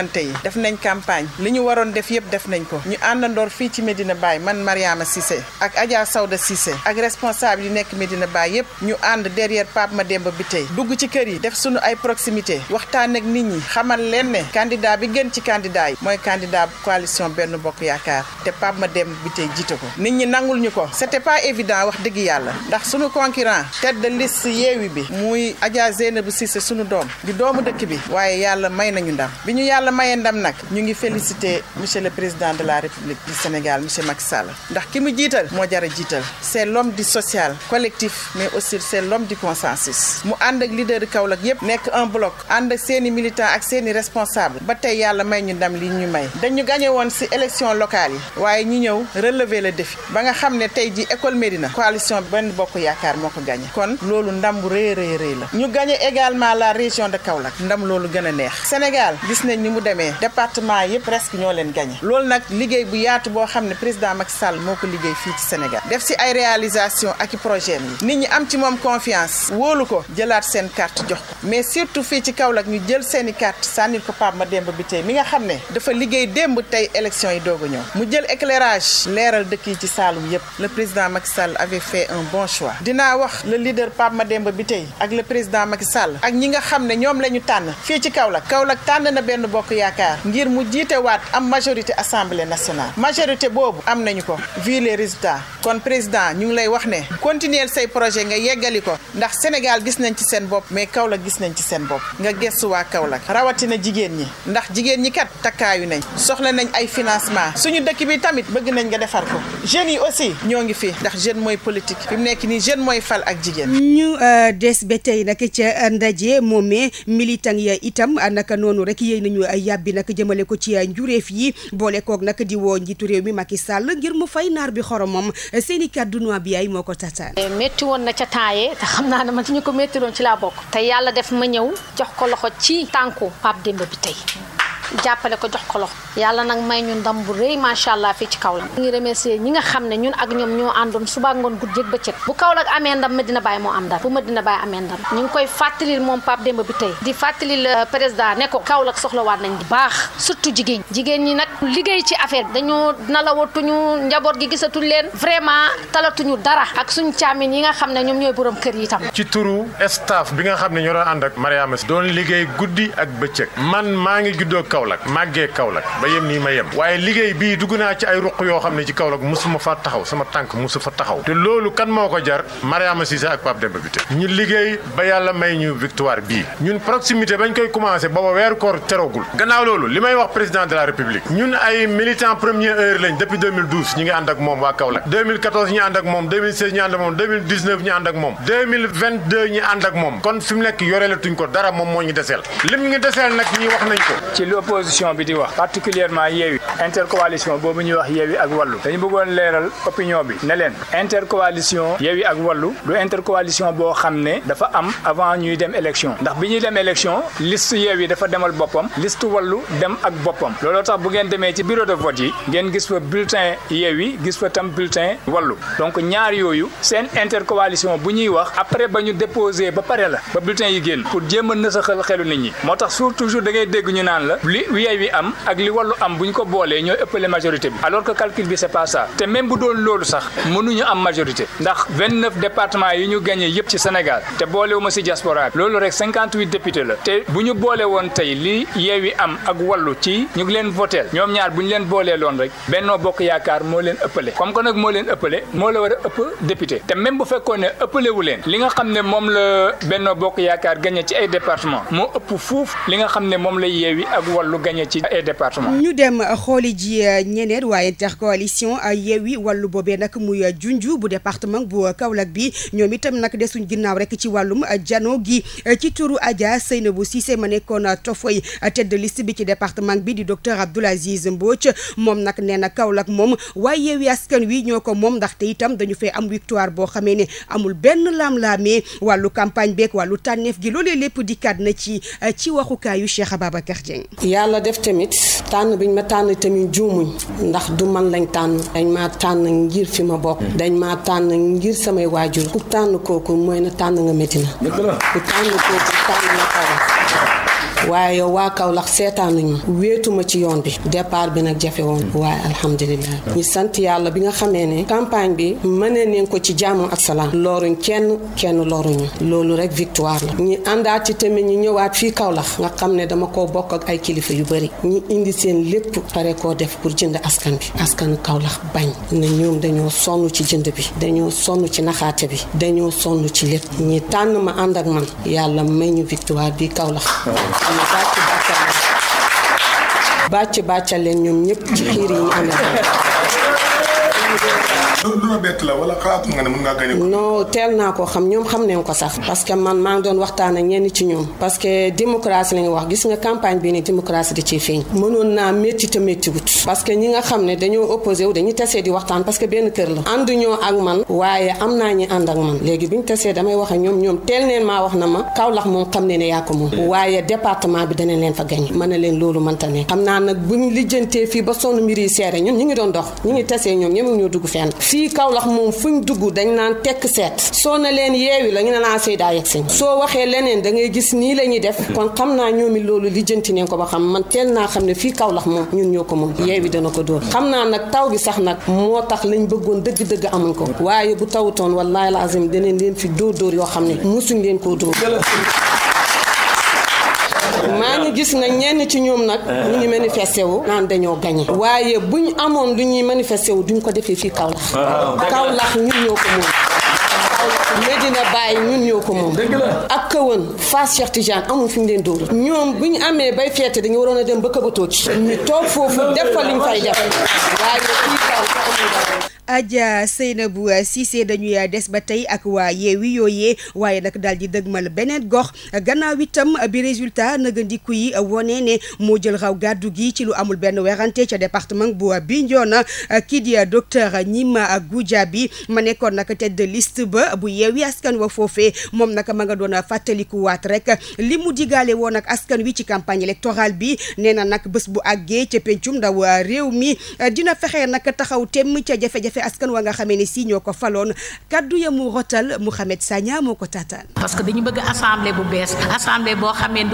jongante yi def nañ campagne li ñu waroon def yëpp def nañ ko ñu àndandoor fii ci Medina Baye man Mariama Cissé ak Adja Sawda Cissé ak responsable yi nekk Medina Baye yëpp ñu ànd derrière ma demb bi tey dugg ci kër yi def sunu ay proximité waxtaan ak nit ñi xamal leen ne candidat bi gën ci candidat yi mooy candidat coalition benn bokk yaakaar te ma Mademba bi tey jiite ko nit ñi nangul ñu ko c'était pas évident wax dëgg yàlla ndax sunu concurrent tête de liste yeewi bi muy Adja Zeynabou Cissé sunu doom di dëkk bi waaye yàlla may yàlla maye ndam nag ñu ngi félicité monsieur le président de la république du Sénégal monsieur Macky Sall ndax ki mu jiital moo jar a jiital c'est l'homme di social collectif mais aussi c'est l'homme di consensus mu ànd ak leader Kaolack yépp nekk un bloc ànd ak seeni militant ak seeni responsable ba tey yàlla may ñu ndam li ñu may dañu gagné woon ci élection locale yi waaye ñu ñëw relever le défi ba nga xam ne tey ji école Médina coalition benn bokk yaakaar moo ko kon loolu ndam bu rëy rëy rëy ñu gagné également la région de Kaolack ndam loolu gën a neex Sénégal mu demee département yëpp presque ñoo leen gagné loolu nag liggéey bu yaatu boo xam ne président Macky Sall moo ko liggéey fii ci Sénégal def si ay réalisation ak i projet yi nit ñi am ci moom confiance woolu ko jëlaat seen carte jox ko mais surtout fii ci Kaolack ñu jël seen i carte sànnil ko Pape Mademba Bitèye mi nga xam ne dafa liggéey démb tey élection yi doog ñëw mu jël éclairage leeral dëkk yi ci Saloum yëpp le président Macky Sall avait fait un bon choix dinaa wax le leader Pape Mademba Bitèye ak le président Macky Sall ak ñi nga xam ne ñoom la ñu tànn ci Kaolack bokk yaakaar ngir mu jiite waat am majorité assemblée nationale majorité boobu am nañu ko vu les kon président ñu ngi lay wax ne continuer say projet nga yeggali ko ndax Sénégal gis nañ ci seen bopp mais Kaolack gis nañ ci seen bopp nga gestu waa Kaolack rawatina jigéen ñi ndax jigéen ñi kat takkaayu nañ soxla nañ ay financement suñu dëkk bi tamit bëgg nañ nga defar ko jeunes yi aussi ñoo ngi fi ndax jeune mooy politique fi mu nekk nii jeune mooy fal ak jigéen. ñu euh, des ba tey nag ca ndaje moomee militant ya itam naka noonu rek yéey nañu yàbbi nag jëmale ko ci njuréef yi boole kook nag di woo njiitu réew mi i Sall ngir mu fay naar bi xoromam seen i kàddu noa bi ay moo ko tataan eh, métti woon na ca taaye te xam naa ne man ci ñu ko métti woon ci laa bokk te yàlla def ma ñëw jox ko loxo ci tànku Pape Demba bi tey jàppale ko jox ko loxo yàlla nag may ñu ndam bu rëy macha allah fii ci kaw ñu ngi remercier ñi nga xam ne ñun ak ñoom ñoo àndoon suba ngoon guddi ak bëccëg bu Kaolack amee ndam Medina Baye moo am ndam bu Medina Baye amee ndam ñu ngi koy fàttalil moom Pape dem bi tey di fàttalil euh, président ne ko Kaolack soxlawaat nañ bu baax surtout jigéen jigéen ñi nag liggéey ci affaire bi dañoo nalawatuñu njaboot gi gisatuñ leen vraiment talatuñu dara ak suñ caamin yi nga xam ne ñoom ñooy borom kër yi tam ci turu staff bi nga xam ne ñoo doon ànd ak Mariama doon liggéey guddi ak bëccëg man maa ngi juddoo Kaolack màggee Kaolack ba yem nii ma yem waaye liggéey bii dugg naa ci ay ruq yoo xam ne ci Kaolack musuma fa taxaw sama tànk musu fa taxaw te loolu kan moo ko jar Mariama Cissé ak Pape Demba Bitèye ñu liggéey ba yàlla may ñu victoire bii ñun proximité bañ koy commencé booba weeru koor terogul gannaaw loolu li may wax président de la république ñun ay militant première heure lañ ñi ngi ànd ak moom waa Kaolack 2014 ànd ak moom 2016 ànd ak moom kon fi mu nekk opposition bi di wax particulièrement yeewi intercoalition boobu ñuy wax yeewi ak wàllu dañu bëggoon leeral opinion bi ne leen intercoalition yeewi ak wàllu du intercoalition boo xam ne dafa am avant ñuy dem élection ndax bi ñuy dem list liste yi dafa demal boppam list wallu dem ak boppam looloo tax bu ngeen demee ci bureau de vote yi ngeen gis fa bulletin yeewi gis fa tam bulletin wallu donc ñaar yooyu seen intercoalition bu ñuy wax après ba ñu déposé ba pare la ba bulletin yi génn pour jéem a nasaxal xelu nit ñi li Yewwi am ak li Wallu am bu ñu ko boolee ñooy ëppale majorité bi alors que calcul bi c'est pas te même bu doon loolu sax mënuñu am majorité ndax 29 départements ñu gagné yëpp ci Sénégal te boolewuma ci diaspora loolu rek 58 la te bu ñu boole woon tey li Yewwi am ak Wallu ci ñu ngi leen voteel ñoom ñaar bu ñu leen boolee loon rek Benno Bokk Yaakaar moo leen ëppale comme que nag moo leen ëppale moo la war a ëpp député te même bu fekkoon ëppalewu li nga ne moom la Benno Bokk Yaakaar gagné ci ay département moo ëpp xool lu gagné ci ay ñu dem xooli ji euh, ñeneen waaye intercoalition euh, Yewwi Wallu boobee nag muy euh, junju bu département bu Kaolack bi ñoom itam nag desuñ ginnaaw rek ci wàllum jano gi ci turu Adja Seynabou Cissé ma nekkoon tofoy tête de liste bi ci département bi di docteur Abdoul Aziz Mbodj moom nag nee na Kaolack moom waaye Yewwi Askan Wi ñoo ko moom ndaxte itam dañu fee am victoire boo xamee ne amul benn laam-laamee wàllu campagne beeg wàllu tànneef gi loolee lépp dikkaat na ci ci waxukaayu Cheikh Ababacar Dieng yàlla def tamit tànn biñ ma tànn tamit juumuñ ndax du man lañ tànn dañ maa tànn ngir fi ma bokk hmm. dañ ma tànn ngir samay waajur ku tànn kooku mooy na tànn nga métti na ku tànn kooku tànn na waaye yow waa Kaolack seetaanuñu wéetuma ci yoon bi départ bi nag jafe woon waaye alhamdulilah ah. ñu sant yàlla bi nga xamee ne campagne bi mënee nañ ko ci jàmm ak salaam looruñ kenn kenn looruñu loolu rek victoire la ñi àndaat ci tamit ñu ñëwaat fii Kaolack nga xam ne dama ko bokk ak ay kilifa yu bëri ñi indi seen lépp pare koo def pour jënd askan bi askan Kaolack bañ na ñoom dañoo sonn ci jënd bi dañoo sonn ci naxaate bi dañoo sonn ci lépp ñi tànn ma ànd ak man yàlla may ñu victoire bi ñu bàcc bàccal bàcc bàccal ñëpp ci xiir yi ñu amee du la bett la wala xalaatu nga ne mën ngaa gagné ko. non teel naa koo xam ñoom xam nañ ko sax. parce que man maa ngi doon waxtaan ak ñenn ci ñoom. parce que démocratie la ñu wax gis nga campagne bi ni démocratie di ciy feeñ. mënoon naa métti te métti wut. que ñi nga xam ne dañoo opposé wu dañuy tasee di waxtaan parce que benn kër la. ànduñoo ak man. waaye am naa ñi ànd ak man. léegi bi ñu tasee damay wax ñoom ñoom teel neen wax na ma. Kaolack moom xam ne ne yaa ko moom. waaye département bi danañ leen fa gagné. leen loolu mënta ne. xam naa nag bu ñu lijjantee fii ba sonn mbir yi seere ñun ñu doon dox ñu ngi tasee ñoom ñoom ñoo dugg fenn fii Kaolack moom fu ñu dugg dañ naan tekk seet soo ne leen yeew la ñu ne laa sey daa yegg soo waxee leneen da ngay gis nii la ñuy def kon xam naa ñoomi loolu lijjanti neen ko ba xam man teel naa xam ne fii Kaolack moom ñun ñoo ko moom yeewi dana ko dóor xam naa nag taw bi sax nag moo tax lañ bëggoon dëgg-dëgg amuñ ko waaye bu tawutoon wallaahi laazim danañ leen fi dóor dóor yoo xam ne mosuñ leen koo dóor maa ngi gis nag ñenn ci ñoom nag ñu ngi manifesté naan dañoo gagné waaye bu ñu amoon lu ñuy manifesté wu duñ ko defee fii Kaolack ah, ah, Kaolack ñun ñoo ko moom Medina Baye ñun ñoo ko moom ak Kahone fas Cheikh Tidiane amul ñu leen dóor ñoom bu ñu amee bay feete dañu waroon a dem ba Këbatooci ñu toog foofu def fa liñ fay def waaye fii Kaolack amul Adja Seynabou Cissé dañuy des ba tey ak waa Yewwi yooyee waaye nag daal di la beneen gox gannaaw itam bi résultat nëgëndiku yi wone ne moo jël raw gàddu gi ci lu amul benn werante ca département bu waa Bignona kii di docteur Gnima Goudiaby ma nekkoon nag tête de ba bu Yewwi askan wa foofe moom nag ma nga doon fàttalikuwaat rek li mu digaale woon ak askan wi ci campagne électorale bi nee na nag bés bu àggee ca pencum ndaw réew mi dina fexe nag taxaw temm ca jafe jafe-jafe askan wa nga xamee ne si ñoo ko faloon kaddu ya mu rotal Mouhamed Sagna moo ko taataan. parce dañu bëgg assemblée bu bees assemblée boo xamee eh,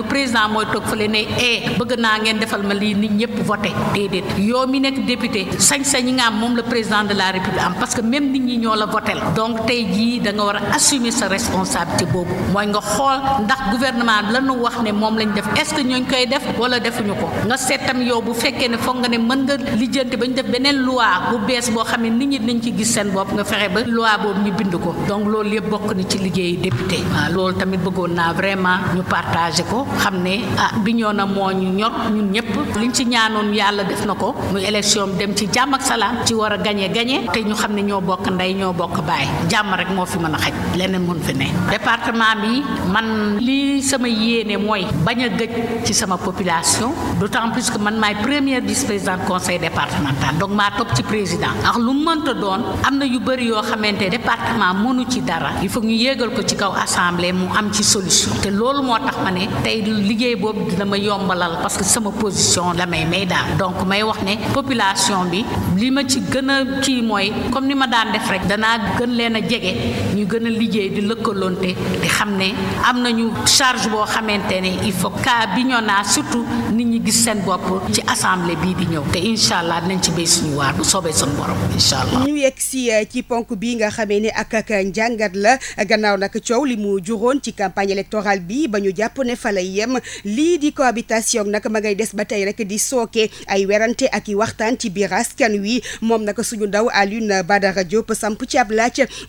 nit la président de la république am parce que même nit ñi ñoo la votel donc tey jii da nga war a assumer sa responsabilité boobu mooy nga xool ndax gouvernement bi la ñu wax ne moom lañ def est-ce que ñooñ koy def wala defuñu ko nga seet tam yow bu fekkee ne foog nga ne mën nga lijjanti ba def beneen loi bu bees boo xam ne ñi nañ ci gis seen bopp nga fexe ba loi boobu ñu bind ko donc loolu yëpp bokk na ci liggéey député waaw loolu tamit bëggoon naa vraiment ñu partagé ko xam ne ah bi ñoo na moo ñu ñor ñun ñëpp liñ ci ñaanoon yàlla def na ko mu élection dem ci jàmm ak salaam ci war a gañe gañe te ñu xam ne ñoo bokk ndey ñoo bokk baay jàmm rek moo fi mën a xaj leneen moon fi ne département bi man li sama yéene mooy bañ a gëj ci sama population d'autant plus que man maay première vice présidente conseil départemental donc mënta doon am na yu bëri yoo xamante département mënu ci dara il faut ñu yéegal ko ci kaw assemblée mu am ci solution te loolu moo tax ma ne tey liggéey boobu dina ma yombalal parce que sama position la may may daan donc may wax ne population bi li ma ci gën a kii mooy comme ni ma daan def rek danaa gën leen a jege ñu gën a liggéey di lëkkaloonte di xam ne am nañu charge boo xamante ne il faut cas bi ñoo naa surtout nit ñi gis seen bopp ci assemblée bii di ñëw te incha allah dinañ ci béy suñu waar bu ñu yegg si euh, ci ponk bi nga xamee ne ak ak njàngat la gannaaw nag coow li mu juróon ci campagne électorale bi ba ñu jàpp ne fa yem lii di cohabitation nag ma ngay des ba tey rek di sooke ay werante ak i waxtaan ci biir askan wi moom nag suñu ndaw Alioune Badara Diop samp ci ab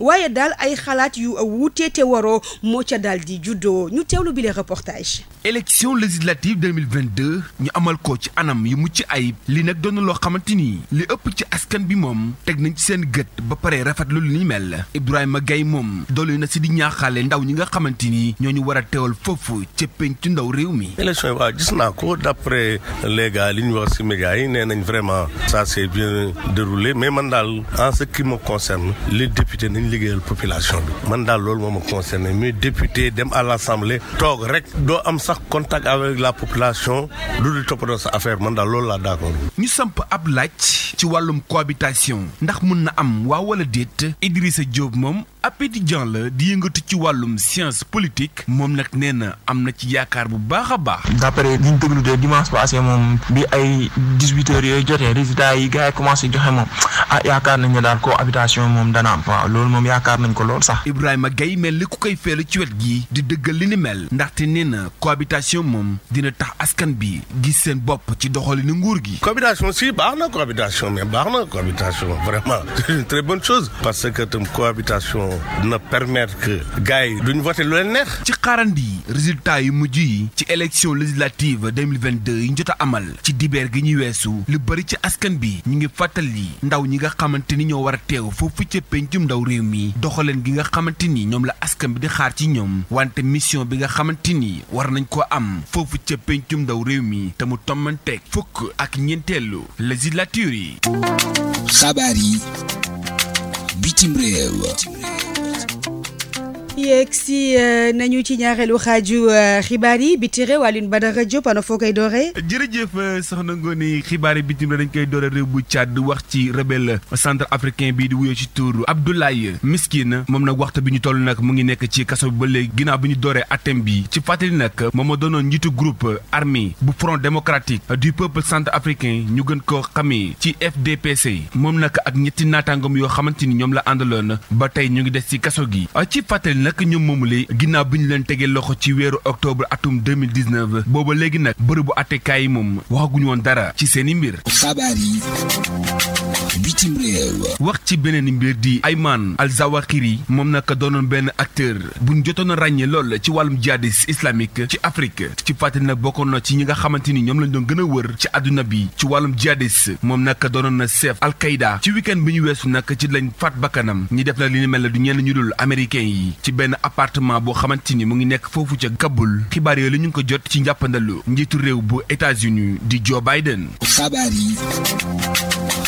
waaye daal ay xalaat yu wuute te waroo moo ca daal di juddoo ñu teewlu bi les reportages. élection législative 2022 ñu amal ko ci anam yu mucc ayib li nag doon loo xamante ni li ëpp ci askan bi moom mi seen gët ba pare rafet lu ni mel Ibrahima Gaye moom dolli na si di ñaaxaale ndaw ñi nga xamante ni ñoo ñu war a teewal foofu ca penc ndaw réew mi. élection gis naa ko d' après les gars li ñu wax si médias nee nañ vraiment ça s' est bien déroulé mais man daal en ce qui me concerne nañ liggéeyal population man daal loolu moo ma concerné mais député dem à l' toog rek doo am sax contact avec la population lu di toppatoo sa affaire man daal loolu laa d' accord. ñu samp ab laaj ci wàllum cohabitation ndax ndax mun na am waaw wala déet Idrissa Diop moom di étudiant la di yëngatu ci wàllum science politique moom nag nee na am na ci yaakaar bu baax a baax. d'après li ñu déglu de dimanche passé moom bi ay dix huit heures yooyu jotee résultats yi gars yi commencé joxe moom ah yaakaar nañ ne daal cohabitation moom dana am. waaw loolu moom yaakaar nañ ko lool sax. Ibrahima Gaye mel ni ku koy feelu ci wet gi di dëggal li ni mel ndaxte nee na cohabitation moom dina tax askan bi gis seen bopp ci doxalinu nguur gi. cohabitation na cohabitation baax na cohabitation vraiment *laughs* c'est une très bonne chose parce que tam cohabitation. dina permettre que gars yi duñ voté lu leen neex. ci xaarandi yi résultat yu mujj yi ci élection législative 2022 yi njot a amal ci dibeer gi ñuy weesu lu bëri ci askan bi ñu ngi fàttali ndaw ñi nga xamante ni ñoo war a teew foofu ca ndaw réew mi doxaleen gi nga xamante ni ñoom la askan bi di xaar ci ñoom wante mission bi nga xamante ni war nañ ko am foofu ca pencum ndaw réew mi te mu tommanteeg fukk ak ñeenteelu législature yi. xabaar yi bitim réew. yeeg si euh, nañu ci ñaareelu xaaju euh, xibaar yi biti réew Alioune Badara Diop ana foo koy dooree. jërëjëf euh, soxna Ngoné xibaar yi bitim dañ koy doore réew bu Tchad wax ci rebelle centre africain bii di wuyoo ci tur Abdoulaye Miskine moom na waxtu bi ñu toll nag mu ngi nekk ci kaso bi ba léegi ginnaaw bi ñu dooree atem bi ci fàttali nag moom ma doonoon njiitu groupe armée bu front démocratique du peuple centre africain ñu gën ko xamee ci FDPC moom nag ak ñetti naataangoom yoo xamante ni ñoom la àndaloon ba tey ñu ngi des ci kaso gi nag ñoom moomule ginnaaw bi ñu leen tegee loxo ci weeru octobre atum 2019 booba léegi nag bërëbu attekaay yi moom waxaguñu woon dara ci seeni mbir xabaar yi bitim réew wax ci beneen mbir di Ayman al-Zawahiri moom nag doonoon benn acteur buñ jotoon a ràññee lool ci wàllum jaadis islamique ci Afrique ci fàttali nag bokkoon na ci ñi nga xamante ni ñoom lañ doon gën a wër ci àdduna bi ci wàllum jihadis moom nag doonoon na chef al-Qaïda ci week bi ñu weesu nag ci lañ faat bakkanam ñi def na li ni mel ne du ñenn ñu dul américain yi ci benn appartement boo xamante ni mu ngi nekk foofu ca Kaboul xibaar yooyu la ñu ngi ko jot ci njàppandalu njiitu réew bu États-Unis di Joe Biden xabaar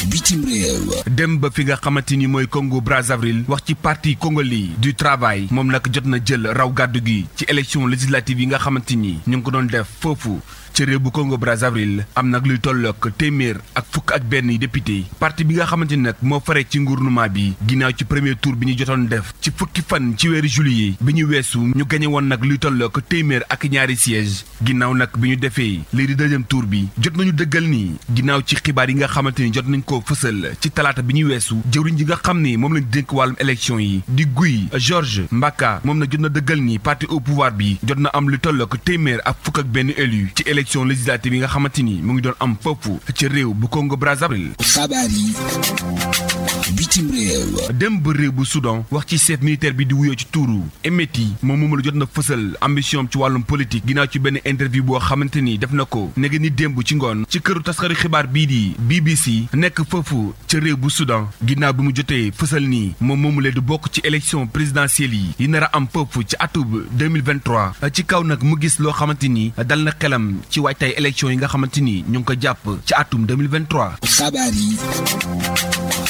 bitim réew dem ba fi nga xamante ni mooy Congo Brazzaville wax ci parti congolais du travail moom nag jot na jël raw gàddu gi ci élection législative yi nga xamante ni ñu ngi ko doon def foofu ca réew bu Congo Brazzaville am nag luy tollook téeméer ak fukk ak benn député parti bi nga xamante ni nag moo fare ci gouvernement bi ginnaaw ci premier tour bi ñu jotoon def ci fukki fan ci weeru juillet bi ñu weesu ñu gañe woon nag luy tollook téeméer ak ñaari siège ginnaaw nag bi ñu defee lii di deuxième tour bi jot nañu dëggal nii ginnaaw ci xibaar yi nga xamante ni jot nañ koo fësal ci talaata bi ñu weesu jëwriñ ji nga xam ni moom lañ dénk wàllum élection yi di Guy Georges Mbaka moom na jot na dëggal ni parti au pouvoir bi jot na am lu tollook téeméer ak fukk ak benn élu ci élection législative yi nga xamante ni mu ngi doon am foofu ca réew bu Congo Brazzaville. xabaar yi bitim réew. dem ba réew bu Soudan wax ci chef militaire bi di wuyoo ci tuuru Emeti moom moom la jot na fësal ambition ci wàllum politique ginnaaw ci benn interview boo xamante ni def na ko nege ni démb ci ngoon ci këru taskari xibaar bii di BBC nekk foofu ca réew bu Soudan ginnaaw bi mu jotee fësal nii moom moomu la du bokk ci élection présidentielle yi yi nar a am foofu ci atub 2023 ci kaw nag mu gis loo xamante ni dal na xelam. ci waajtaay élection yi nga xamante ni ñu ngi ko jàpp ci atum 2023. xabaar yi.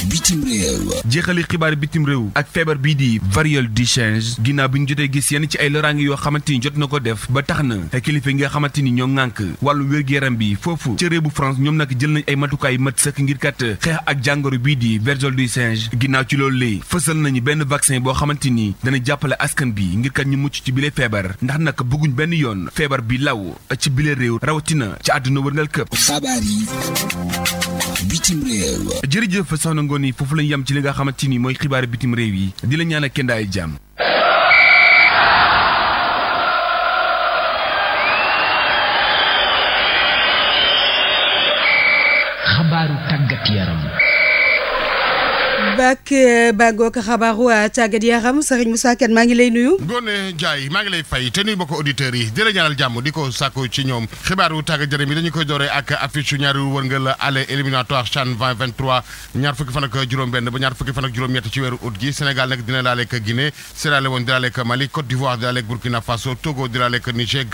bitim réew jeexali xibaar bitim réew ak feebar bii di variole du singe ginnaaw bi ñu jotee gis yenn ci ay loraange yoo xamante ni jot na ko def ba tax na ay kilifa yi nga xamante ni ñoo ŋànk wàllu wér-gu-yaram bi foofu ca réew bu France ñoom nag jël nañ ay matukaay mat sëkk ngir kat xeex ak jàngoro bii di variole du singe ginnaaw ci loolu léegi fësal nañu benn vaccin boo xamante ni dana jàppale askan bi ngir kat ñu mucc ci bile feebar ndax nag bëgguñ benn yoon feebar bi law ci bile réew rawatina ci àdduna wërngal këpp xabaar bitim réew jërëjëf soxna ngoon yi foofu lañ yam ci li nga xamante nii mooy xibaar bitim réew yi di la kenn ay jàmm Bac eh, Bagoog xabaaru eh, tàggat yaram Serigne Moussa Kane ngi lay nuyu. Ngone ngi lay fay te nuyu yi di jàmm di ko sàkku ñoom xibaaru tàggat yaram yi dañu koy dooree ak affiche ñaari wërngal aller éliminatoire CHAN 2023 ñaar fukki fan ak juróom-benn ba ñaar fukki fan ak juróom-ñett ci weeru août gi Sénégal nag dina laaleeg Guinée Sierra Leone dina laaleeg Mali Côte d'Ivoire dina laaleeg Burkina Faso Togo dina laaleeg Niger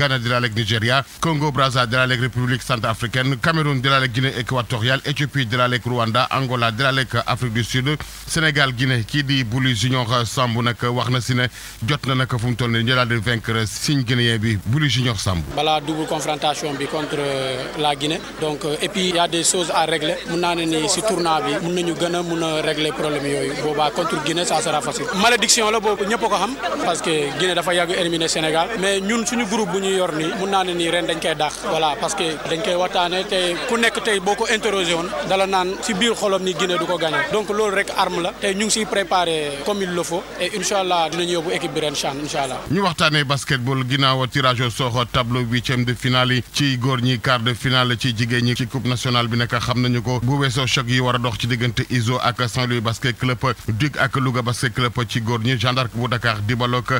Nigéria Congo Brazza dina laaleeg République centrafricaine Cameroun dina laaleeg Guinée équatoriale Éthiopie dina laaleeg Rwanda Angola dina laaleeg Afrique du Sud Sénégal Guinée kii di Bouli Junior Samb nag wax na si ne jot na nag fu mu toll nii ñu daal di vaincre signe guinéen bi Bouli Junior Samb. balaa double confrontation bi contre euh, la Guinée donc euh, et puis y a des choses à régler mun naa ne ni si tournoi bi mun nañu gën a mun a régler problème yooyu boobaa contre Guinée ça sera facile. malédiction la boobu ñëpp ko xam parce que Guinée dafa yàgg éliminer Sénégal mais ñun suñu groupe bu ñu yor nii mun naa ne nii ren dañ koy dàq voilà parce que dañ koy waxtaanee te ku nekk tey boo ko interrogé woon dala naan si biir xolam ni Guinée du ko gagné donc loolu rek arme la te ñu ngi siy préparé comme il le faut et incha allah dinañu yóbbu équipe bi ren chan incha allah. ñu waxtaanee basketball ginnaaw tirage de finale ci góor ñi quart de finale ci jigéen ñi ci coupe nationale bi nag xam nañu ko bu weesoo choc yi war a dox ci diggante ISO ak Saint-Louis basket club DUC ak Louga basket club ci góor ñi gendarme bu Dakar di baloog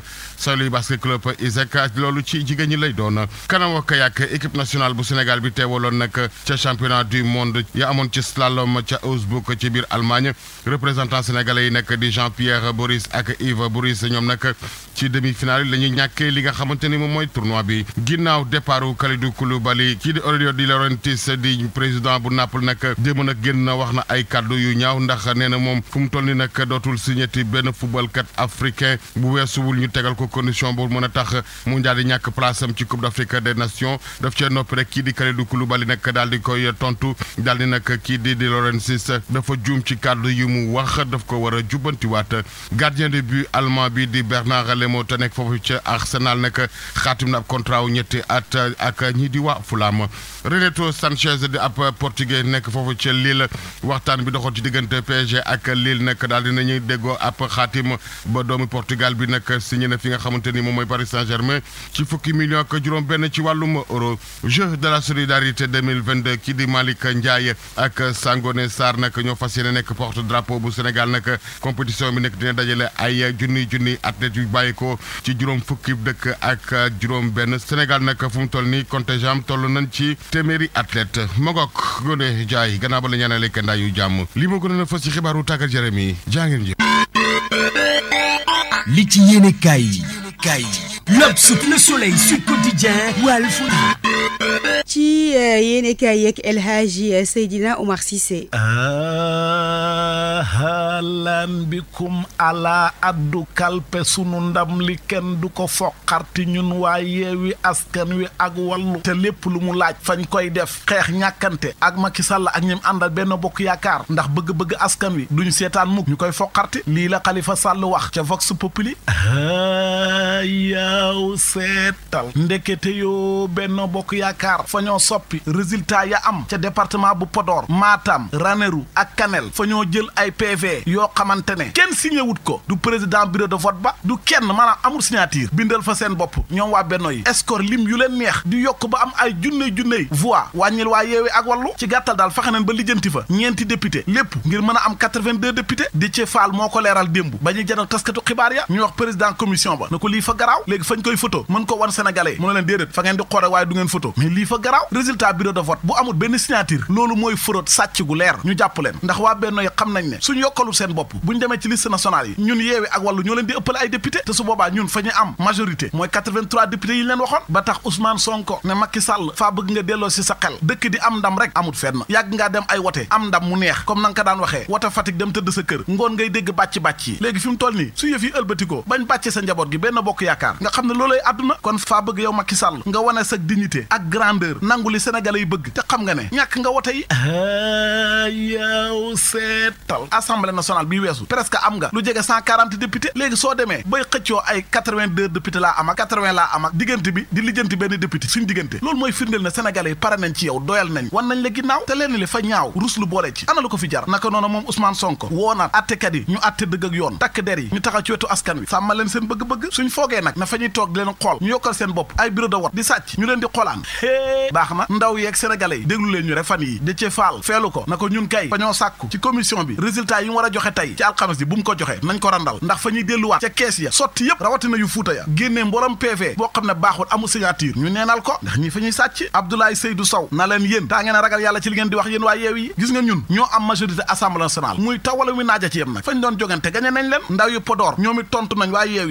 basket club ISEC loolu ci jigéen ñi lay doon kanawa kayak équipe nationale bu Sénégal bi teewaloon nag ca championnat du monde ya amoon ci slalom ca Augsbourg ci biir Allemagne. représentant sénégalais yi nag di Jean Pierre Boris ak Yves Boris ñoom nag ci demi-finale yi la ñàkkee li nga xamante ni moom mooy tournoi bi ginnaaw départu Kalidou Koulibaly kii di Aurelio Di Laurentiis di président bu Naples nag jéem nag génn na wax na ay kàddu yu ñaaw ndax nee na moom fu mu toll ni nag dootul signéti benn footballkat africain bu weesuwul ñu tegal ko condition bu mën a tax mu daal di ñàkk place am ci Coupe d'Afrique des Nations daf ci wax daf ko war a jubbantiwaat gardien de but allemand bi di Bernard Lemo te nekk foofu ca Arsenal nag xaatim na ab contrat wu ñetti at ak ñi di waa Fulham Renato Sanchez di ab portugais nekk foofu ca Lille waxtaan bi doxoon ci diggante PSG ak Lille nag daal di nañuy déggoo ab xaatim ba doomu Portugal bi nag signé na fi nga xamante ni moom mooy Paris Saint-Germain ci fukki million ak juróom-benn ci wàllum euro jeu de la solidarité 2022 kii di Malick Ndiaye ak Sangone Sarr nag ñoo bu Sénégal nag compétition bi nag dina dajale ay junniy junniy athlètes yu bàyyi ko ci juróom fukki dëkk ak juróom benn Sénégal nag fu mu toll nii contingent toll nañ ci téeméeri athlète Magok Ngoné Ndiaye gannaaw ba la ñaanale yu jàmm li ma gënoon a fës ci xibaaru tàggat yaram yi ji li ci yéene kaay yi kaay yi L'Obs, Le Soleil, Sud Quotidien, Walf ci euh, yéene kaay yeeg El Hadji euh, Seydina Omar Cissé ah. ahalan bikum ala addu kalpe sunu ndam li kenn du ko foqarti ñun waa yeewi askan wi ak wallu te lépp lu mu laaj fañ koy def xeex ñàkkante ak Macky Sall ak ñim àndal benn bokk yaakaar ndax bëgg-bëgg askan wi duñu seetaan mukk ñu koy foqarti lii la Khalifa Sall wax ca Vox Populi yaaw seetal ndekete yoo benn bokk yaakaar fa ñoo soppi résultat ya am ca département bu Podor Matam Ranérou ak Kanel fa ñoo jël ay ay yoo xamante ne kenn signé wut ko du président bureau de vote ba du kenn maanaam amul signature bindal fa seen bopp ñoom waa benno yi escore lim yu leen neex di yokk ba am ay junney junney voix wàññil waa yeewi ak wallu ci gàttal daal fexe nañ ba lijjanti fa ñeenti député lépp ngir mën a am 82 député Déthié Fall moo ko leeral démb ba ñuy jënd taskatu xibaar ya ñu wax président commission ba na ko lii fa garaaw léegi fañ koy photo mën ko wan sénégalais mu ne leen déedéet fa ngeen di xoore waaye du ngeen photo mais lii fa garaaw résultat bureau de leer ñu jàpp leen ndax waa benno yi xam nañ gagné yokkalu seen bopp buñ demee ci liste nationale yi ñun yeewi ak wàllu ñoo leen di ëppale ay député te su ñun fa ñu am majorité mooy 83 députés yi ñu leen waxoon ba tax Ousmane Sonko ne Macky Sall faa bëgg nga delloo si sa xel dëkk di am ndam rek amut fenn yàgg ngaa dem ay wote am ndam mu neex comme na nga ko daan waxee wote Fatick dem tëdd sa kër ngoon ngay dégg bàcc-bàcc yi léegi fi mu toll nii su yëf yi ëlbatikoo bañ bàcce sa njaboot gi benn bokk yaakaar nga xam ne loolay àdduna kon faa bëgg yow Macky Sall nga wane sa dignité ak grandeur nangu li bëgg te xam nga ne ñàkk nga wote yi ah, yow seetal assemblée nationale bi weesu presque am nga lu jege cent quarante députés léegi soo demee bay xëccoo ay quatre vingt deux députés laa am ak laa am ak bi di lijjanti benn député suñ diggante loolu mooy firndeel ne sénégalais yi pare nañ ci yow doyal nañ wan nañ la ginnaaw te leen li fa ñaaw rus lu boole ci ana lu ko fi jar naka noonu moom Ousmane Sonko woonaat attekat yi ñu atte dëgg yoon takk der yi ñu ci wetu askan wi sàmma leen seen bëgg-bëgg suñ foogee nag na n ñuy toog leen ñu yokkal fan yi Déthié ko na ko ñun kay bi résultat yi mu war a joxe tey ci alxames bi bu ko joxe nañ ko randal ndax fa ñuy delluwaat ca kees ya sotti yëpp rawatina yu fuuta ya génnee mbolam PV boo xam ne baaxul amul signature ñu neenal ko ndax ñi fa ñuy sàcc Abdoulaye Seydou Sow na leen yéen taa ngeen ragal yàlla ci li ngeen di wax yéen waa yeew gis nga ñun ñoo am majorité assemblée nationale muy taw naaja ci yem nag fañ doon jogante gañe nañ leen ndaw yu Podor tontu nañ waa yeew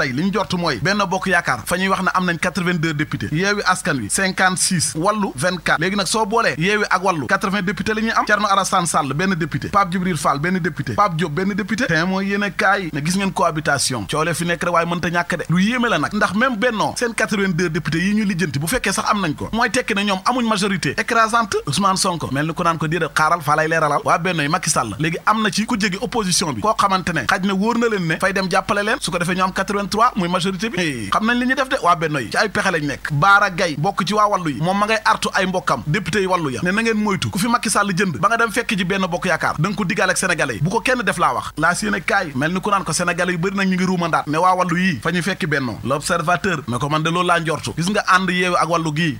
tey li ñu jort mooy bokk yaakaar fa ñuy wax ne am nañ 82 députés yeewi askan wi 56 wàllu 24 léegi nag soo boolee yeewi ak wàllu 80 députés la ñuy am Thierno Alassane Sall benn député Pape Djibril Fall benn député Pape Diop benn député te mooy yéen a gis ngeen cohabitation coole fi nekk rek mënta ñàkk de lu yéeme la nag ndax même bennoo seen 82 députés yi ñu lijjanti bu fekkee sax am nañ ko mooy tekki ne ñoom amuñ majorité 83 muy majorité bi xam nañ li ñuy def de waa benno yi ci ay pexe lañ nekk Baara Gaye bokk ci waa wàllu yi moom ma ngay artu ay mbokkam député yi wàllu ya ne na ngeen moytu ku fi Macky Sall jënd ba nga dem fekk ji benn bokk yaakaar da nga ko digaal ak sénégalais yi bu ko kenn def laa wax laa si yéene mel ni ku naan ko sénégalais yu bëri nag ñu ngi ruumandaat ne waa wàllu yii fa ñu fekki benno l'observateur ne ko man laa njortu gis nga ànd yeewu a wàllu ji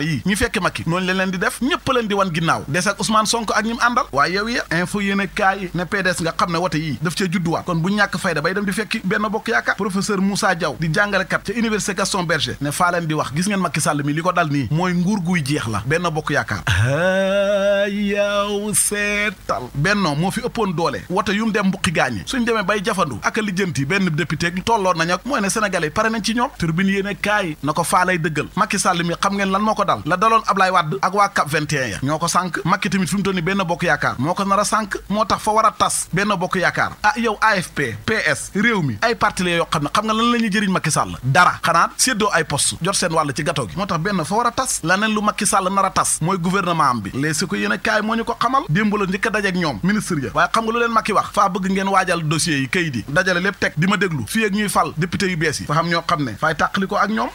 local yi ñu fekk Macky noonu la leen di def ñëpp di wan ginnaaw des ak Ousmane ak ñi àndal waaye yow ya info yéen a kaay ne PDS nga xam ne wote yi daf cee judduwaat kon bu ñàkk fayda bay dem di fekki benn bokk yaakaar professeur Moussa Diaw di jàngalekat ca université Gaston Berger ne faa leen di wax gis ngeen Macky Sall mi li ko dal nii mooy nguur guy jeex la benn bokk yaakaar yaw seetal moo fi ëppoon doole wote yu mu dem mbuqi gaañe suñ demee bay jafandu a lijjanti benn député tolloon nañ ak mooy ne sénégalais pare nañ ci ñoom turbine yéen a kaay na dal la daloon Ablaye Wade ak waa CAP ya ñoo ko sànk Macky tamit fi benn bokk yaakaar moo ko nar a moo tax fa war a tas benn bokk yaakaar ah yow AFP PS réew mi ay parti la yoo xam ne xam nga lan la jëriñ Macky Sall dara xanaa séddoo ay poste jot seen wàll ci gato moo tax benn fa war a tas la lu Macky Sall nar a tas mooy gouvernement bi léeg ko yéen a kaay moo ñu ko xamal démb la dajeek ñoom ministre ya waaye xam nga lu leen ma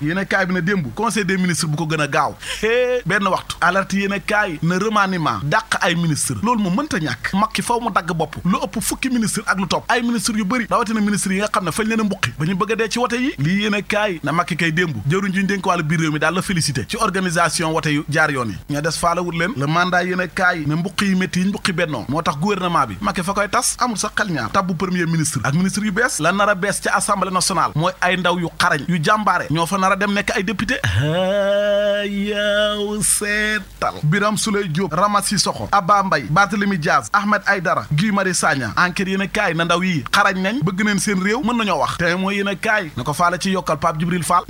ne a kaay ne démb conseil des ministres a gaaw é benn waxtu alerte yéen kaay na remaniement dàq ay ministre loolu mu mënta ñàkk Macky faw mu dagg bopp lu ëpp fukki ministre ak lu topp ay ministre yu bëri rawatina ministre yi nga xam ne fañ leen a mbuqi ba ñu bëgg a dee ci wote yi lii yéen kaay na Macky kay démb jëruñ ji ñu dénk wàllu biir mi daal la félicité ci organisation wote yu jaar yoon yi ña des faalawul leen le mandat yéen kaay na mbuqi yi métti yi mbuqi bennoo moo tax gouvernement bi Macky fa koy tas amul sax xel ñaar tabbu premier ministre ak ministre yu bees la nar a bees ci assemblée ñoo fa nar a dem nekk ay député yaaw seetal Biram Souleye Diop Ramasi Soxo Abba Mbaye Barthélemy Diaz Ahmed ay dara Marius Sagna enquête yéen a kaay na ndaw yi xarañ nañ bëgg nañ seen réew mën nañoo wax te mooy yéen a kaay na ko faale ci yokkal Pape Djibril Fall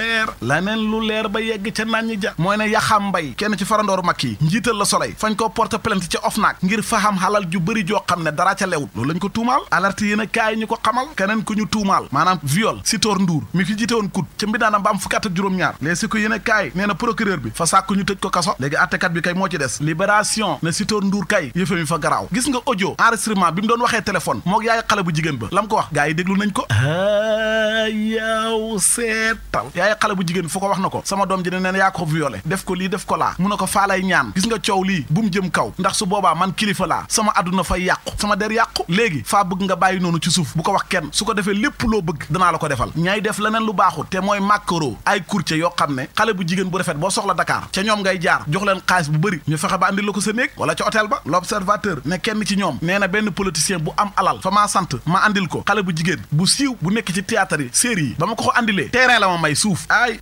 leer laneen lu leer ba yegg ca mbay kenn ci farandooru mag yi njiital la Soleil fañ ko porte plainte ca OFNAC ngir faxam xalal ju bëri joo xam ne dara ca lewut loolu lañ ko tuumaal alerte yéen a kaay ñu ko xamal keneen ku ñu tuumaal maanaam viol Sitor Ndour mi fi jiite woon kut ca mbindaanam ba a kaay nee na procureur bi fa sàkk ñu tëj ko kaso léegi attekat bi kay moo ci des libération ne Sitor Ndour kay yëfe fa garaaw gis nga audio enregistrement bi mu doon waxee téléphone mook yaay xale bu jigéen ba lam wax gaa yi déglu nañ ko ah, yaw seetal yaay xale bu jigéen fu ko wax na ko sama doom ji ne neen yaa ko violé def ko lii def ko laa mu ne ko faalay ñaan gis nga coow lii bu mu jëm kaw ndax su boobaa man kilifa laa sama àdduna fay yàqu sama der yàqu léegi faa bëgg nga bàyyi noonu ci suuf bu ko wax kenn su ko defee lépp loo bëgg danaa la ko defal ñaay def leneen lu baaxul te mooy màkkaro ay courtier yoo xam ne xale bu jigéen bu rafet boo soxla Dakar ca ñoom ngay jaar jox leen xaalis bu bëri ñu fexe ba la ko sa néeg wala ca hôtel ba l'observateur kenn ci ñoom nee na benn politicien bu am alal fa maa ma andil ko xale bu jigéen bu siiw bu nekk ci théâtre yi yi ba ko ko andilee terrain la ma may suuf suuf ay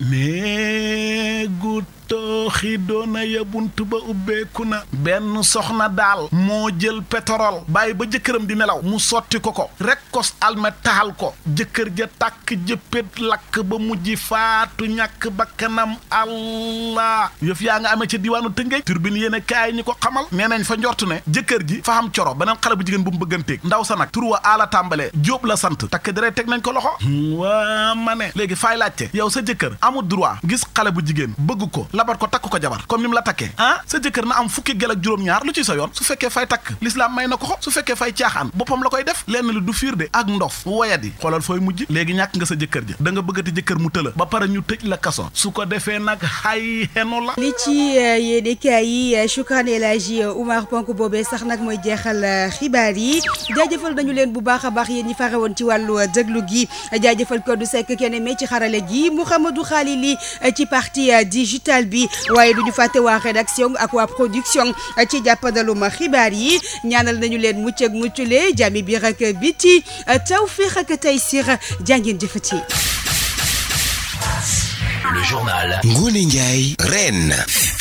mais tooxiidoona ya bunt ba ubbeeku na benn soxna daal moo jël pétrole bàyyi ba jëkkëram di nelaw mu sotti ko ko rek kos almet taxal ko jëkkër ja takk jëppét lakk ba mujj faatu ñàkk bakkanam allah yëf yaa nga amee ca diwaanu tëngéej turbine yéene kaay ñi ko xamal nee nañ fa njort ne jëkkër ji fa xam coro beneen xale bu jigéen bu mu bëgganteek ndaw sa nag tur wa aala tàmbale jóob la sant takk dere teg nañ ko loxo hmm, waa ma ne léegi faay laajte yow sa jëkkër amul droit gis xale bu jigéen bëgg ko takk ko jabar comme la takkee ah sa jëkkër na am fukki gel ak juróom-ñaar lu ci sa yoon su fekkee fay takk l'islam may na ko su fekkee fay caaxaan boppam la koy def lenn lu du fiir de ak ndof woyadi xoolal fooy mujj léegi ñàkk nga sa jëkkër ja da nga bëggati jëkkër mu tëla ba pare ñu tëj la kaso su ko defee nag xay xenu la li ci euh, yéenekaay yi euh, Shukran El Hadji euh, Oumar Ponk boobee sax nag mooy jeexal xibaar yi jaajëfal nañu leen bu baax a baax yéen ñi fare woon ci ko du sekk kenn mee ci xarale gi Mouhamadou Khalili ci partie digitale bi waaye du ñu fàtte waa rédaction ak waa production ci jàppandalum xibaar yi ñaanal nañu leen mucc ak muccule jàmmi biir ak biti tawfiix ak taysir jàngeen jëfati. Le journal Ngoné